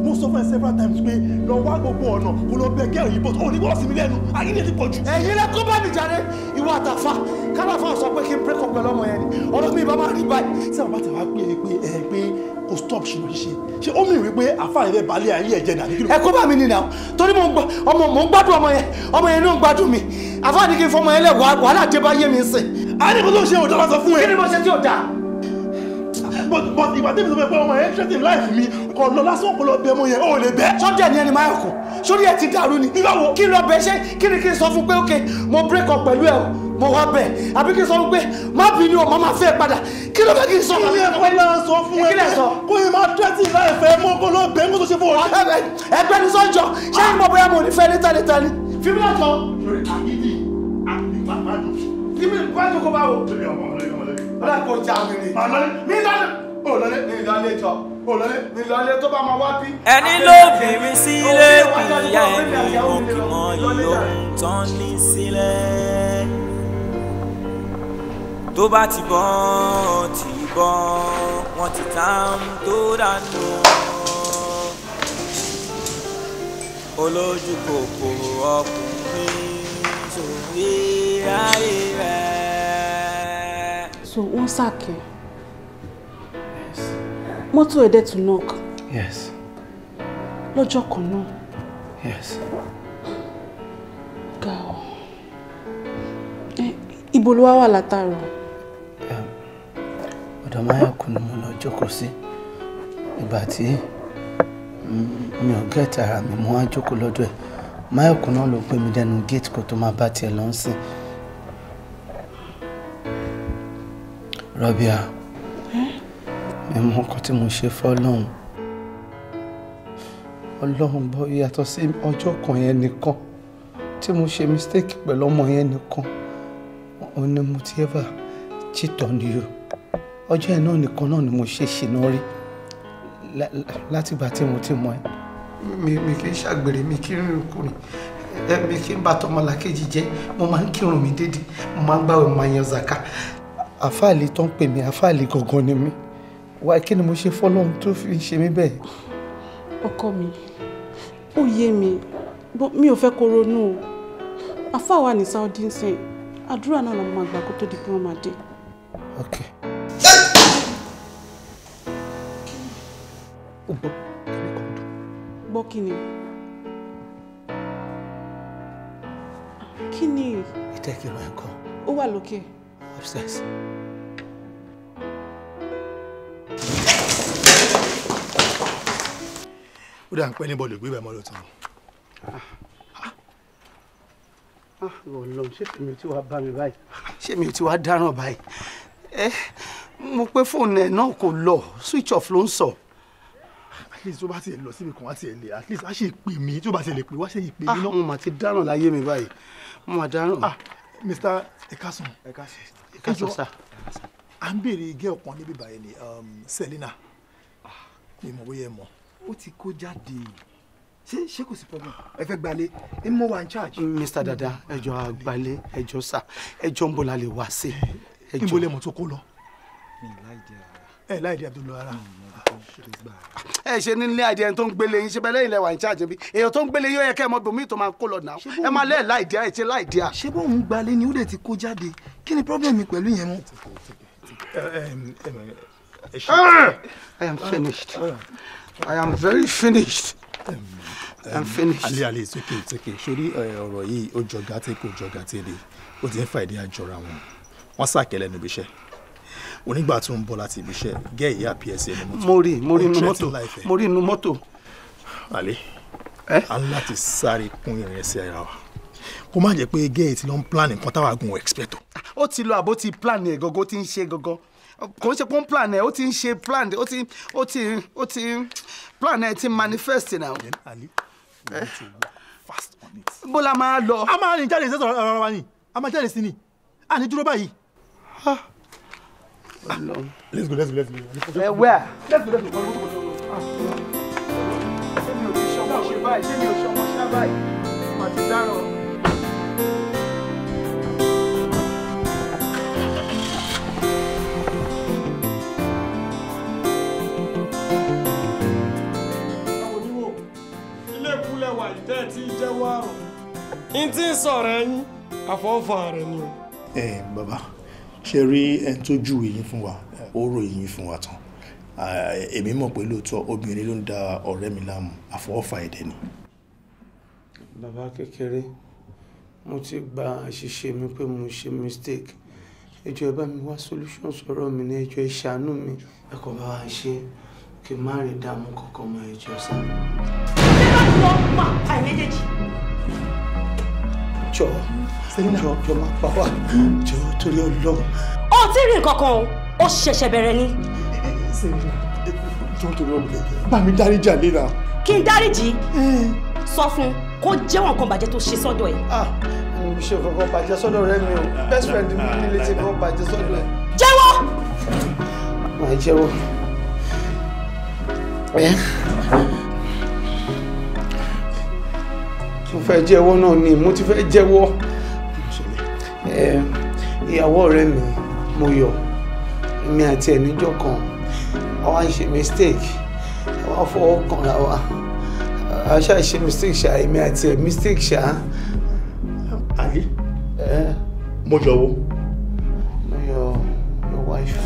Speaker 1: mo sọ fún ẹ several times pé lọ wá gbogbo ọ̀nà kó lọ bẹ gẹ́rù yìí bọ̀ tó ní bọ́ọ̀sì mi lẹ́nu ayé lè ti pọ̀ jù. ẹ̀yin lẹ kó bá mi jáde ìwọ àtàfà káláfà sọ pé kí n break up pẹ̀lú ọmọ yẹn ni ọ̀rọ̀ mi bàbá rí báyìí tí bàbá tàwa pé pé ẹ pé kò stop ṣùgbọ́n ṣe ṣé ó mìíràn pé àfààní rẹ balẹ̀ ayé ẹ̀jẹ̀ nàbí kí ló. bá mi nìyà torí mo ń gbádùn ọmọ yẹn ọmọ yẹn náà ń gbádùn mi àfààní kí n fọmọ yẹn lẹ wàhálà dé bá yé mi sìn. a ní kó ṣe òdà lọ́sọ fún ẹ. kí ni mo ṣe tí ò dáa. but but ìgbà tẹ́mi sọ pé ọmọ yẹn threatening life mi kò lọ lásán kò lọ bẹ ọmọ yẹn ó lè bẹ. sọ́jà ni ẹni máa kù sórí ẹ ti dàrú ni. nígbà wo kí lọ bẹ ṣe kí ni kí n sọ fún pé ok mo break up pẹ̀lú ẹ o mo wá bẹ̀ àbí kí n sọ pé má bínú o má máa fẹ́ padà kí ló fẹ́ kí n sọ. kí ló fẹ́ náà sọ fún ẹ kó yìí máa dẹ́tì láì fẹ́ mọ́ kó ló bẹ́ẹ̀ kó tó ṣe fún ọ. ẹgbẹ́ ni sọ́jọ́ ṣé ń bọ̀ bóyá mo ní fẹ́ ní tẹ́lẹ̀tẹ́ ni. fi mi lọ́tọ̀. ẹni ló fi mí sílé ìyá ẹni òkè
Speaker 2: mọ ìyó tán ní sílẹ̀ tó bá ti bọ́n ti bọ́n wọ́n ti tán tó dànù olójú kòkòrò ọkùnrin sórí ayé rẹ̀.
Speaker 5: so wọ́n sàkè mọ́tò ẹ̀dẹ̀ tún knock. yes. lọ́jọ́ kan náà. yes. ga ọ ibo ló wá wà látàárọ̀
Speaker 1: ọ̀dọ̀ Máyọ̀kú ni mo lọ jókòó sí ìgbà tí mm, mi ò gẹ̀ẹ́tì ara mi mo wá jókòó lọ́dọ̀ ẹ̀ Máyọ̀kú náà ló gbé mi dẹnu géètì kó tó máa bá tiẹ̀ lọ sí. Rọ́bìà mi mọ nǹkan tí mo ṣe fọ́lọ́hún Ọlọ́run bọ́ yàtọ̀ sí ọjọ́ kan yẹn nìkan tí mo ṣe mistake pẹ̀lú ọmọ yẹn nìkan òun ni mo ti ever cheat on you ọjọ́ ẹ̀ náà nìkan náà ni mo ṣe ṣìnà rí látìgbà tí mo ti mọ ẹ. mi kì í ṣàgbèrè mi kì í rìn kùnrin mi kì í bá tọmọlàkejì jẹ mo máa ń kírun mi dédé mo máa ń gbààwẹ̀ mo máa yan zaka. àfáàlì tó ń pè mí àfáàlì gangan ni mí wá kí ni mo ṣe fọlọ́run tó fi ń ṣe mí bẹ́ẹ̀.
Speaker 5: ọkọ mi ó yé mi mi ò fẹ́ kó ronú o àfáà wà ní Saudi nsìn àdúrà náà la máa gbà kó tó di pé wọ́n máa dé. okay. ó gbọ́ kíní kan dùn. gbọ́ kíni. kíni.
Speaker 1: ìtẹ́kì máa ń kọ́. ó wà lókè. upstairs. ó dà ń pẹ́ ní bọ́ọ̀lù ìgbé ìbámu ọlọ́tún. Ọlọ́run ṣé mi ò ti wá bá mi báyìí ṣé mi ò ti wá dáràn báyìí ẹ eh, mo pé fóònù ẹ náà kò lọ switch off ló ń sọ. So least tó bá ti lọ síbi kan wá ti lè at least wá ṣe pè mí tó bá ti lè pè wá ṣe ìpè mí ah, náà. mo mà ti dáràn láyé mi báyìí mo mà dáràn. ah mr ekasun ekasun sa à ń béèrè igé ọkàn níbí báyìí ni um, selina ah. mi mọ̀ bóyá ẹ mọ̀. ó ti kó jáde ṣé ṣé kò sí problem ẹ fẹ́ gbalẹ̀ ẹ mọ̀ wá in charge. mr dada ẹjọ àgbálẹ̀ ẹjọ sà ẹjọ ń bọ̀ la lè wá sí. níbo lè mọ̀ tó kó lọ. ẹ láì di àbúrò ara. ẹ láì di àbúrò ara ẹ ṣe nílé àìdí ẹni tó ń gbélé yín ṣe bẹ́ẹ̀ lẹ́yìn ń ṣáàjẹ́ bí èèyàn tó ń gbélé yín ó yẹ kẹ́ mọ bòmí tó máa kó lọ náà ẹ máa lẹ́ẹ̀ láìdí ẹ ṣe láìdí à. ṣé bóun gbalé ni ó lè ti kó jáde kí ni pọ́blẹ́mì pẹ̀lú yẹn mọ́. I am finished. I am very finished.
Speaker 6: I'm finished. alẹ́
Speaker 1: alẹ́ it's okay it's yìí ó jọ gàtẹ́ kò jọ gàtẹ́ ni ó ti ń fa ìdí àjọra wọn wọ́n sàkẹ́lẹ̀ níbi iṣẹ́ onígbà tó ń bọ̀ láti ibi iṣẹ́ gẹ́ ìyá psa ní mọ́tò. mo rí mo rí inú mọ́tò mo rí inú mọ́tò. àlẹ́ a ní láti sáré kún ìrìn ẹsẹ̀ ara wa kó má jẹ́ pé gẹ́ẹ̀ ti lọ ń plan nǹkan táwa gun expect. ó ti lọ àbó ti plan ẹ̀ gangan ó ti ń ṣe gangan kò ń ṣe pọ́n plan ẹ̀ ó ti ń ṣe plan ó ti ó ti ó ti plan ẹ̀ ti manifest now. bó la máa lọ. a máa rìn jáde ìṣẹ́sọ̀rọ̀ ọ̀rọ̀ wa ni a máa jáde sí ni a ní dúró báyìí. Ah. Ọlọ́run. let's go let's go let's go. ẹ wẹ́ à. let's go let's go. Let's go. Let's go. Eh, ah. ṣọwọ́ ṣe báyìí ṣé mi ò ṣọwọ́ ṣe báyìí màtí dáràn. tẹ́ ẹ ti jẹ́wọ́ àrùn. n ti sọ̀rọ̀ ẹyin àfọwọ́fọ̀ ààrẹ ni o. ẹ eh, bàbá ṣe rí ẹni tó júwe yín fún wa ó ròyìn yín fún wa tán èmi mọ̀ pé lóòótọ́ obìnrin ló ń da ọ̀rẹ́ mi láàmú àfọwọ́fà ẹ̀dẹ̀ ni. bàbá kékeré mo ti gba àṣìṣe mi pé mo ṣe mistake ẹjọ ẹ bá mi wá solution sọ̀rọ̀ mi ní ẹjọ ẹ ṣàánú mi ẹ kò bá wa ṣe kí n má rí dààmú kankan mọ ẹjọ sá. ṣé bá ti lọ pa àìméjèèjì. jọ̀ọ́ sẹ́mínà ọjọ́ máa pa wá jọ torí ọlọ́run.
Speaker 7: ó ti rí nǹkan kan o ó ṣẹ̀ṣẹ̀ bẹ̀rẹ̀ ni. sẹ́mínà
Speaker 1: jọ torí ọlọ́run bá mi dáríjà léra.
Speaker 7: kí n dáríjì sọ fún kó jẹ́wọ́n nǹkan bàjẹ́ tó ṣe sọ́dọ̀ ẹ̀. Ah, mo ṣe kankan bàjẹ́ sọ́dọ̀ rẹ mi o best friend
Speaker 1: mi nílé ti kankan bàjẹ́ sọ́dọ̀ ẹ̀. jẹ́wọ́. màá jẹ́wọ́. ẹ́ mo fẹ́ jẹ́wọ́ náà ni mo ti fẹ́ jẹ́wọ́ ìyàwó ọ̀rẹ́ mi mo yọ̀ èmi àti ẹ̀ níjọ́ kan àwa ń ṣe mistake àwa fọwọ́ kan ra wa àwa ṣáà ṣe mistake ṣá èmi àti ẹ̀ mistake ṣá. àbí mo yọ̀ wo. mo yọ̀ your wife.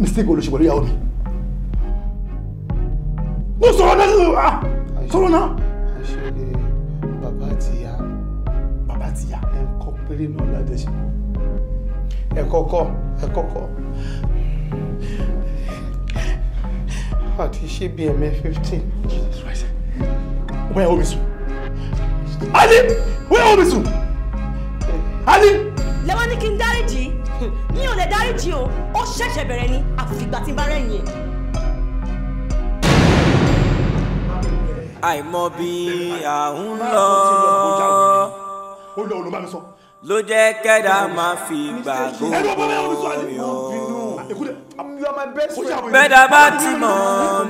Speaker 1: mistake wo ló ṣe pẹ̀lú ìyàwó mi.
Speaker 5: mo sọ̀rọ̀ náà ah! sọ̀rọ̀ náà.
Speaker 1: péré náà ládẹ́sẹ̀ ẹ kọ́kọ́ ẹ kọ́kọ́ àti ṣé bíi ẹ̀mẹ́ fifteen. wẹ́ẹ̀ omi sùn Ali wẹ́ẹ̀ omi sùn
Speaker 7: Ali. lẹ́wọ́n ní kí n dáríjì mi ò lè dáríjì o ó ṣẹ̀ṣẹ̀ bẹ̀rẹ̀ ni àfìgbà tí n bá rẹ̀yìn ẹ̀.
Speaker 2: àìmọ̀ bí à ń lọ. ó lọ olùbámisọ ló jẹ́ kẹ́dà máa fi gbà gbogbo
Speaker 1: mi o. bẹ́ẹ̀dá bá ti mọ̀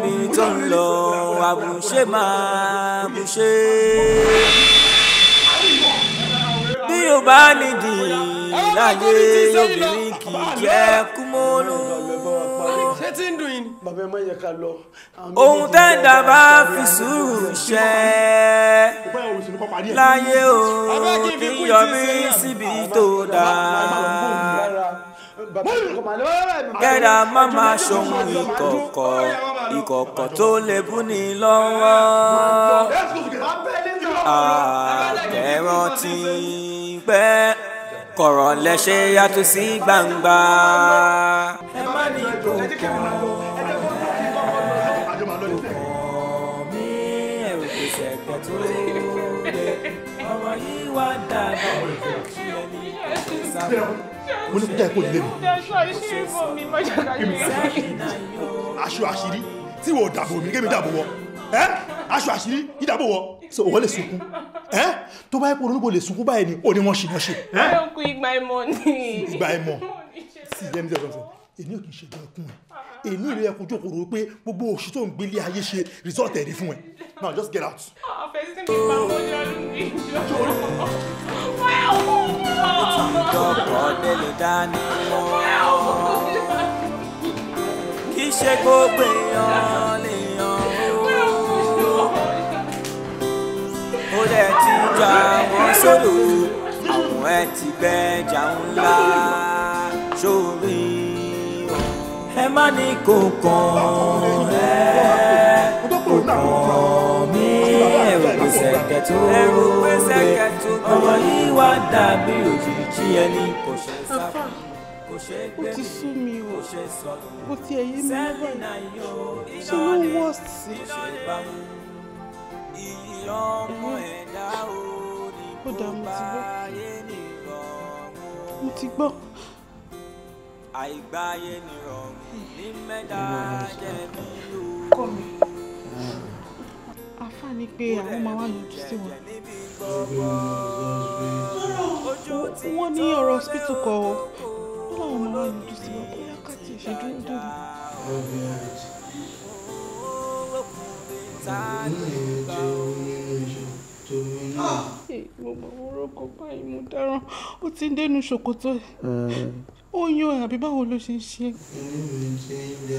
Speaker 2: mi tó ń lọ àbùṣe máa bùṣe. bí o bá nídìí láyé obìnrin kì í jẹ́ kúmọ́nù
Speaker 1: bàbá ẹ má yẹ ká lọ. ohun tẹ́ńdà bá fi sùúrù ṣe láyé o kì í yọ mí
Speaker 2: síbi tó dáa
Speaker 1: kẹ́dà má máa
Speaker 2: ṣohun ìkọ̀kọ̀ ìkọ̀kọ̀ tó lè bú ni lọ́wọ́
Speaker 1: àtẹ̀rántí
Speaker 2: pé kọ̀rọ̀ lẹ yàtọ̀ sí gbangba.
Speaker 1: ẹ má ní ìbò mo ní kó tẹ́ ẹ kó lè mi. aṣọ àṣírí tí wò dàbò mi kémi dàbò wọ ẹ aṣọ àṣírí yìí dàbò wọ so wọ́n lè sunkún ẹ tó bá yẹ kó olóńgbò lè sunkún báyìí ni ó ní wọ́n ṣe wọ́n ṣe. ẹ
Speaker 3: ń kú ìgbà ìmọ̀ ni. ìgbà ìmọ̀
Speaker 1: sí ẹ ní sẹ́sọ̀sọ̀ èmi ò kì í ṣe ẹkún ẹ èmi ìlú ẹkún jókòó rò pé gbogbo òṣì tó ń gbélé ayé ṣe result ẹ̀rí fún ẹ now just get out.
Speaker 4: Ah, kì í ṣe gbogbo èèyàn lèèyàn o
Speaker 2: ó lẹ ti jà wọ́n sódò àwọn ẹ ti gbẹ jà ńlá sórí ẹ má ní kò kàn ẹ́ kò kàn mí ẹ̀rù pèsè kẹtù rẹ̀ ọ̀rọ̀ yìí wá dàbí òjijì ẹni kò ṣe sá ó ti sú mi o kò tiẹ̀ yé mi báyìí
Speaker 5: ṣe ló wọ́
Speaker 2: sí i. ó dá mo ti gbọ́ mo ti gbọ́ àìgbáyé ni rọrùn ní mẹ́ta jẹ́ mi o.
Speaker 5: kọ́ mi àǹfààní pé àwọn máa wá lójú sí wọn. wọ́n ní ọ̀rọ̀ hospital kọ̀ ọ́ wọ́n láwọn máa wá lójú sí wọn bóyá káàtì ìṣẹ́jú ń dùn. mo mọ̀ wọ́n rọ́kọ̀ báyìí mo dáràn ó ti ń dénú ṣòkòtò ẹ̀. Eh ó yan ẹ̀ àbí báwo ló ṣe ń ṣe. inú
Speaker 1: mi ti ń jẹ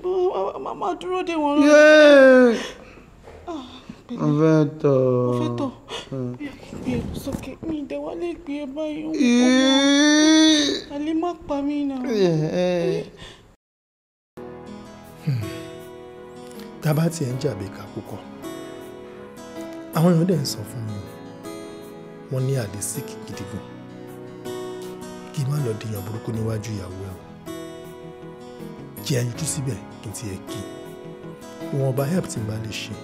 Speaker 5: oúnjẹ. màmá dúró dé wọn. Ah,
Speaker 1: mo fẹ́ tọ̀. mo fẹ́ tọ̀ bí
Speaker 5: ẹ sókè mi ìdẹ̀wá lè báyìí ó ń kọ́ àlè má pa mí náà.
Speaker 1: tá a bá tiẹ̀ ń jàbí ká púpọ̀ àwọn èèyàn dẹ̀ ń sọ fún mi wọ́n ní àlè sick gidi gan kí n má lọ dèèyàn burúkú níwájú ìyàwó ẹ̀ o kí a yọjú síbẹ̀ kí n tiẹ̀ kí ìwọ̀nba help tí n bá lè ṣe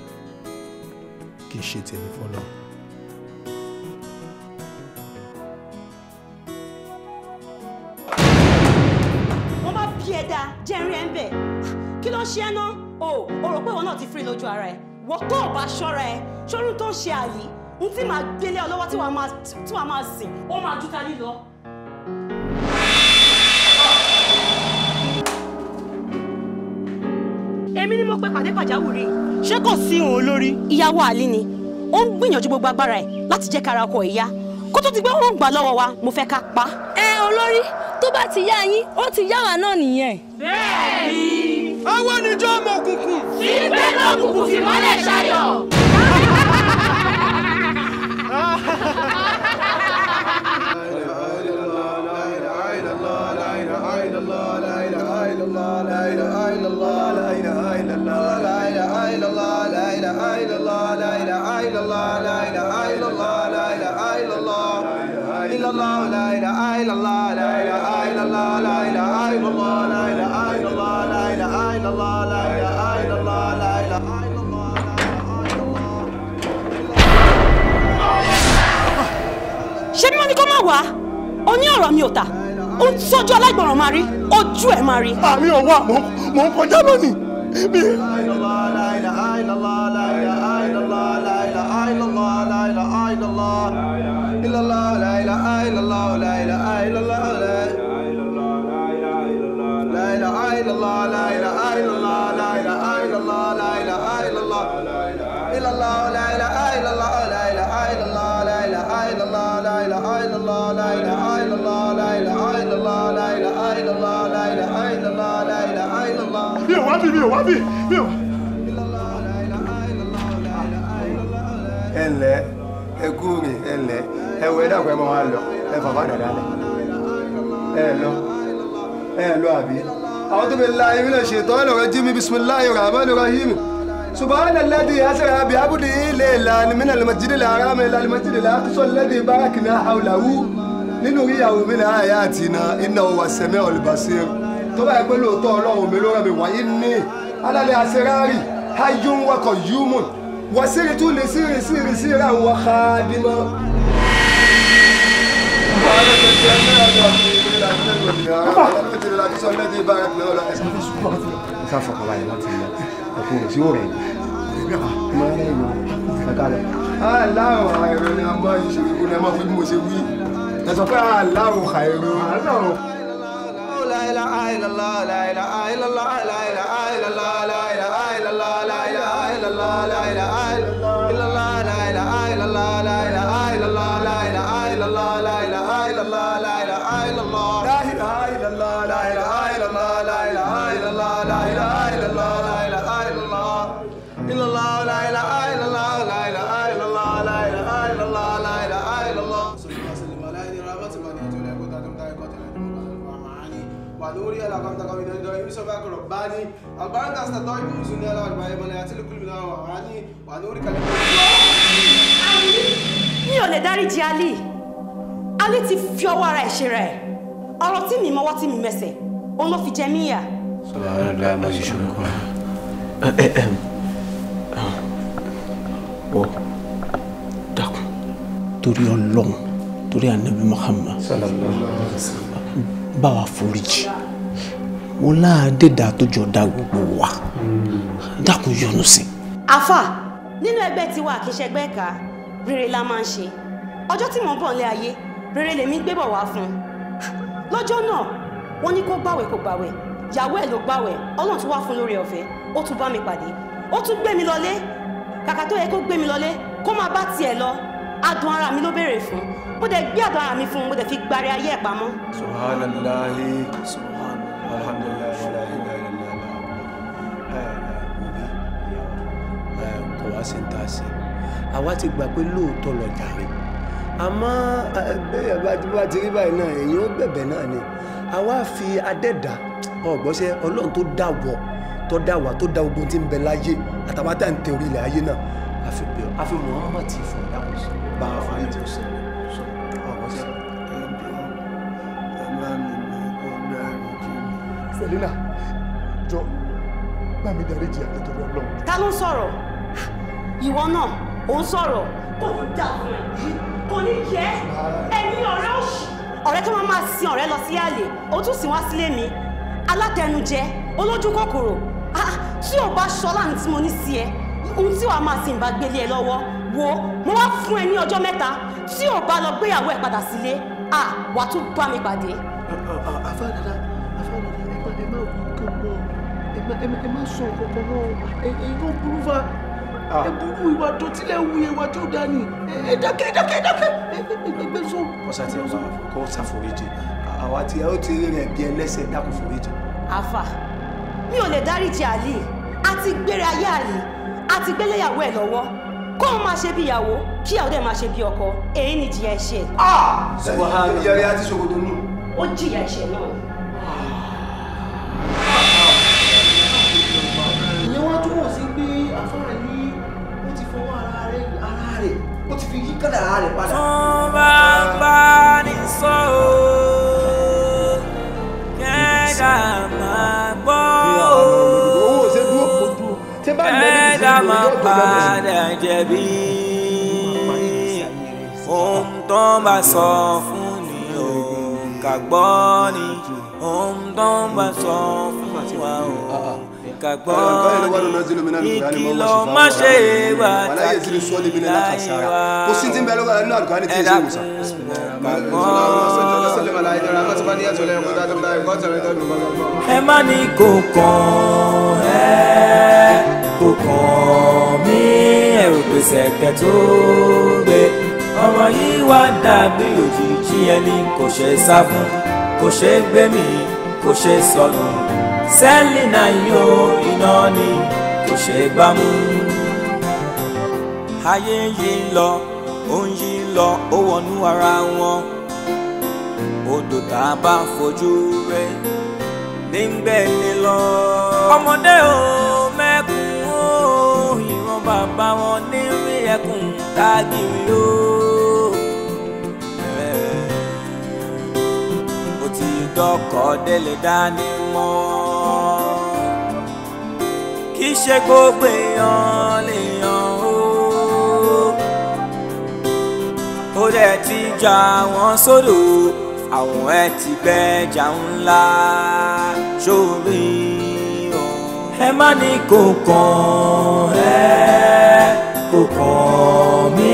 Speaker 1: kì í ṣe tèmi fọlọ́run.
Speaker 7: ṣe ẹ́ ná o ò rò pé ìwọ náà ti firi lójú ara ẹ̀ wọ́n tó ò ṣọ́ra ẹ̀ ṣọ́run tó ń ṣe àyè n tí màá gbélé ọlọ́wọ́ tí wàá máa sìn ó máa jù lílọ. èmi ni mo pe pàdé pàjáwìrì ṣé kò sí òun olórí ìyàwó àlí ni ó ń gbìyànjú gbogbo agbára ẹ̀ láti jẹ́ kára ọkọ ìyá kó tó ti gbé wọn gbà lọ́wọ́ wa mo fẹ́ ká pa. ẹ olórí tó bá ti yá yín ó ti yá wa náà nìyẹn. bẹ́ẹ̀ ni. àwọn ènìjọ́ ọmọ òkùnkùn. síbẹ̀ lọ́kùnkùn fìmọ́lẹ̀ ṣayọ̀. ó ní ọ̀rọ̀ mi ò ta ó ń tọ́jú aláìgbọràn máa rí ojú ẹ̀ máa rí. àmì ọwọ́ àmọ́ mò ń kọjá lónìí
Speaker 6: bí mi ò wá
Speaker 1: bí mi ò. ẹ ǹlẹ́ ẹ kú rè ẹ ǹlẹ́ ẹ wọ ẹ dàpọ̀ ẹ máa lọ ẹ fàfà dàda lẹ ẹ lọ ẹ lọ àbí. àwọn tó fi la ibi náà ṣètò ẹ lọ́rọ̀ jí mi bisimilayi rahman rahim subahana ladi asara bi abudi ilé ìlànà mi nàlẹ́ masjid la ara mi lálẹ́ la akisọ ladi barakina hawlawu nínú ìyàwó mi náà àyà àti iná iná wà sẹ́mi tó bá pé lóòótọ́ ọlọ́run mi ló rẹ̀ mi wáyé ní alálẹ̀ àṣerárì ayún wakọ̀ yúmùn wàsírí tún lè sírí sírí síra wà xaadìmọ́.
Speaker 6: aláwọ̀ àìrò ni a
Speaker 1: máa ń fi bí mo ṣe wí. ẹ sọ pé aláwọ̀ àìrò.
Speaker 6: اله الا الله لا اله الا الله لا اله الا الله لا اله الا الله لا اله الا الله لا اله الا الله نوري على قام تقام من الدعاء يوسف رباني البركة استطاعت بوزني على أربعة ملايات لكل من أواني ونوري كلمة mi
Speaker 7: ò lè dáríji Ali Ali ti fi ọwọ́ ara ẹ̀ ṣe rẹ̀ ọ̀rọ̀ tí mi mọ́wọ́ tí mi mẹsẹ̀ òun ló fi jẹ mí yà.
Speaker 4: sọlá ọ̀rọ̀ dáa máa ṣe ṣòro kan
Speaker 2: wọ
Speaker 1: dákun torí Ọlọ́run torí Ànábì Muhammad báwa foríjì mo láàdédà tó jọ da gbogbo wa dákun yọnu sí.
Speaker 7: àfà nínú ẹgbẹ́ tiwa àkíṣẹgbẹ́ ẹ̀ka rere la máa ń ṣe ọjọ́ tí mò ń bọ̀ nílé ayé rere lèmi gbé bọ̀ wá fún un lọ́jọ́ náà wọ́n ní kó gbàwẹ̀ kó gbàwẹ̀ yàwó ẹ̀ ló gbàwẹ̀ ọlọ́run tún wá fún lórí ọ̀fẹ́ ó tún bá mi pàdé ó tún gbé mi lọlé kàkà tó yẹ kó gbé mi lọlé kó máa bá tiẹ̀ lọ adùn ara mi ló béèrè fún mo dẹ̀ gbé àdùn ara mi fún mo dẹ̀ fi gbárí ayé ẹ̀ pamọ́.
Speaker 6: subhanallah subhanallah alhamdulilayi ṣẹlẹ ayélujára ilẹ̀ ẹ̀
Speaker 1: òbí ẹ̀ kò wá sí ta sí àwa ti gbà pé lóòótọ́ lọ́jà rẹ̀ àmọ́ bẹ́ẹ̀ bá ti rí báyìí náà èyí ó bẹ̀bẹ̀ náà ni àwa fi adẹ́dà ọ̀gbọ́sẹ́ ọlọ́run tó dà wọ̀ tó dà wà tó dà ogun tí ń bẹ láyé àtàwọn tá tẹ orí ilẹ̀ ayé náà àfi mọ̀ ọ́n mọ̀ tì í fún ọ̀dà kò bá a fún ẹ̀ tó sẹ́yìn. Selina jọ bá mi darí jì àti torí Ọlọ́run.
Speaker 7: ta ló ń sọ̀rọ̀ ìwọ náà ò ń sọ̀rọ̀ kò ní dà fún ẹ kò ní yẹ ẹ̀yin ọ̀rẹ́ òṣì. ọ̀rẹ́ tó máa máa sin ọ̀rẹ́ lọ sí àlè ó tún sìn wá sílé mi alátẹnujẹ olójú kòkòrò ah, ah, tí ò bá ṣọlá ní tí mo ní sí ẹ ohun tí wàá máa sin ìbá gbélé ẹ lọ́wọ́ wo mo wá fún ẹ ní ọjọ́ mẹ́ta tí ò bá lọ gbéyàwó ẹ padà sílé ah, wàá tún bá mi pàdé. àfáàdàdà
Speaker 5: ẹ má sọ kankan náà èyí ló burú fa ah. ẹ burú ìwà tó tilẹ̀ wù ìwà tó dà ní ẹ dákẹ́
Speaker 1: dákẹ́ dákẹ́ ẹ gbé sọ. kọ́sà tí wọ́n kọ́ ṣàforíjì àwa tí ó ti rí rẹ̀ bí dákun foríjì.
Speaker 7: àfà mi ò lè dáríjì àlè àti gbére ayé àlè àti gbéléyàwó ẹ lọ́wọ́ kó o máa ṣe bí ìyàwó kí ìyàwó dẹ̀ máa ṣe bí ọkọ èyí ni jìyà ẹ̀ṣẹ̀.
Speaker 5: ṣùgbọ́n ah! yàrá ti ṣòkòtò nù.
Speaker 1: ó jìyà ẹ̀ṣẹ̀ náà
Speaker 2: jẹ̀bi ohun tó ń bá sọ fún ni òun kà gbọ́ ni ohun tó ń bá sọ fún wa òun kà gbọ́
Speaker 6: ni ìkìlọ̀ má ṣe pàtàkì láyé wa ẹ̀dá
Speaker 2: kù ẹ má ní kò kàn ẹ́ kò kàn ṣẹ̀kẹ̀ tó gbé ọmọ yìí wá dàbí òjìji ẹni kò ṣe sá fún kò ṣe gbé mi kò ṣe sọnù sẹ́ẹ̀lì náà yóò iná ni kò ṣe gbá mú. ayé yìí lọ ó yí lọ ó wọnú ara wọn odò tá a bá fojú rẹ ní ni lọ. ọmọdé o bá wọn ní rí ẹkùn tágìrì ó. ó ti dọ́kọ̀ délé dání mọ́. kì í ṣe gbogbo èèyàn lèèyàn ó. ó dẹ̀ ti jà wọ́n sódò àwọn ẹ̀ ti gbẹ́ jà ńlá sórí ẹ má ní kò kàn ẹ́ kò kàn mí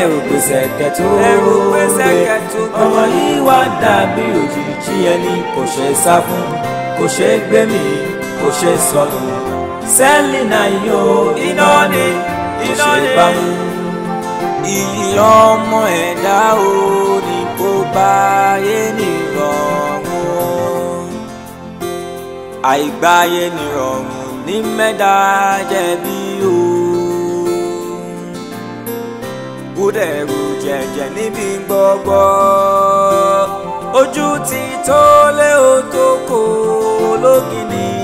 Speaker 2: ẹ̀rù pèsè kẹtù ẹ̀rù pèsè kẹtù ọmọ yìí wá dàbí òjìjí ẹni kò ṣe sá fún kò ṣe gbé mi kò ṣe sọnù sẹ́ẹ̀lì náà yóò iná ni iná ni iyì ọmọ ẹ̀dá o ní kó bá yé nìrọ̀rùn àìgbáyé nìrọ̀rùn ní mẹ́ta jẹ̀bi o búdẹ̀rù jẹ̀jẹ̀ níbi gbọ́gbọ́ ojú ti tó lé o tó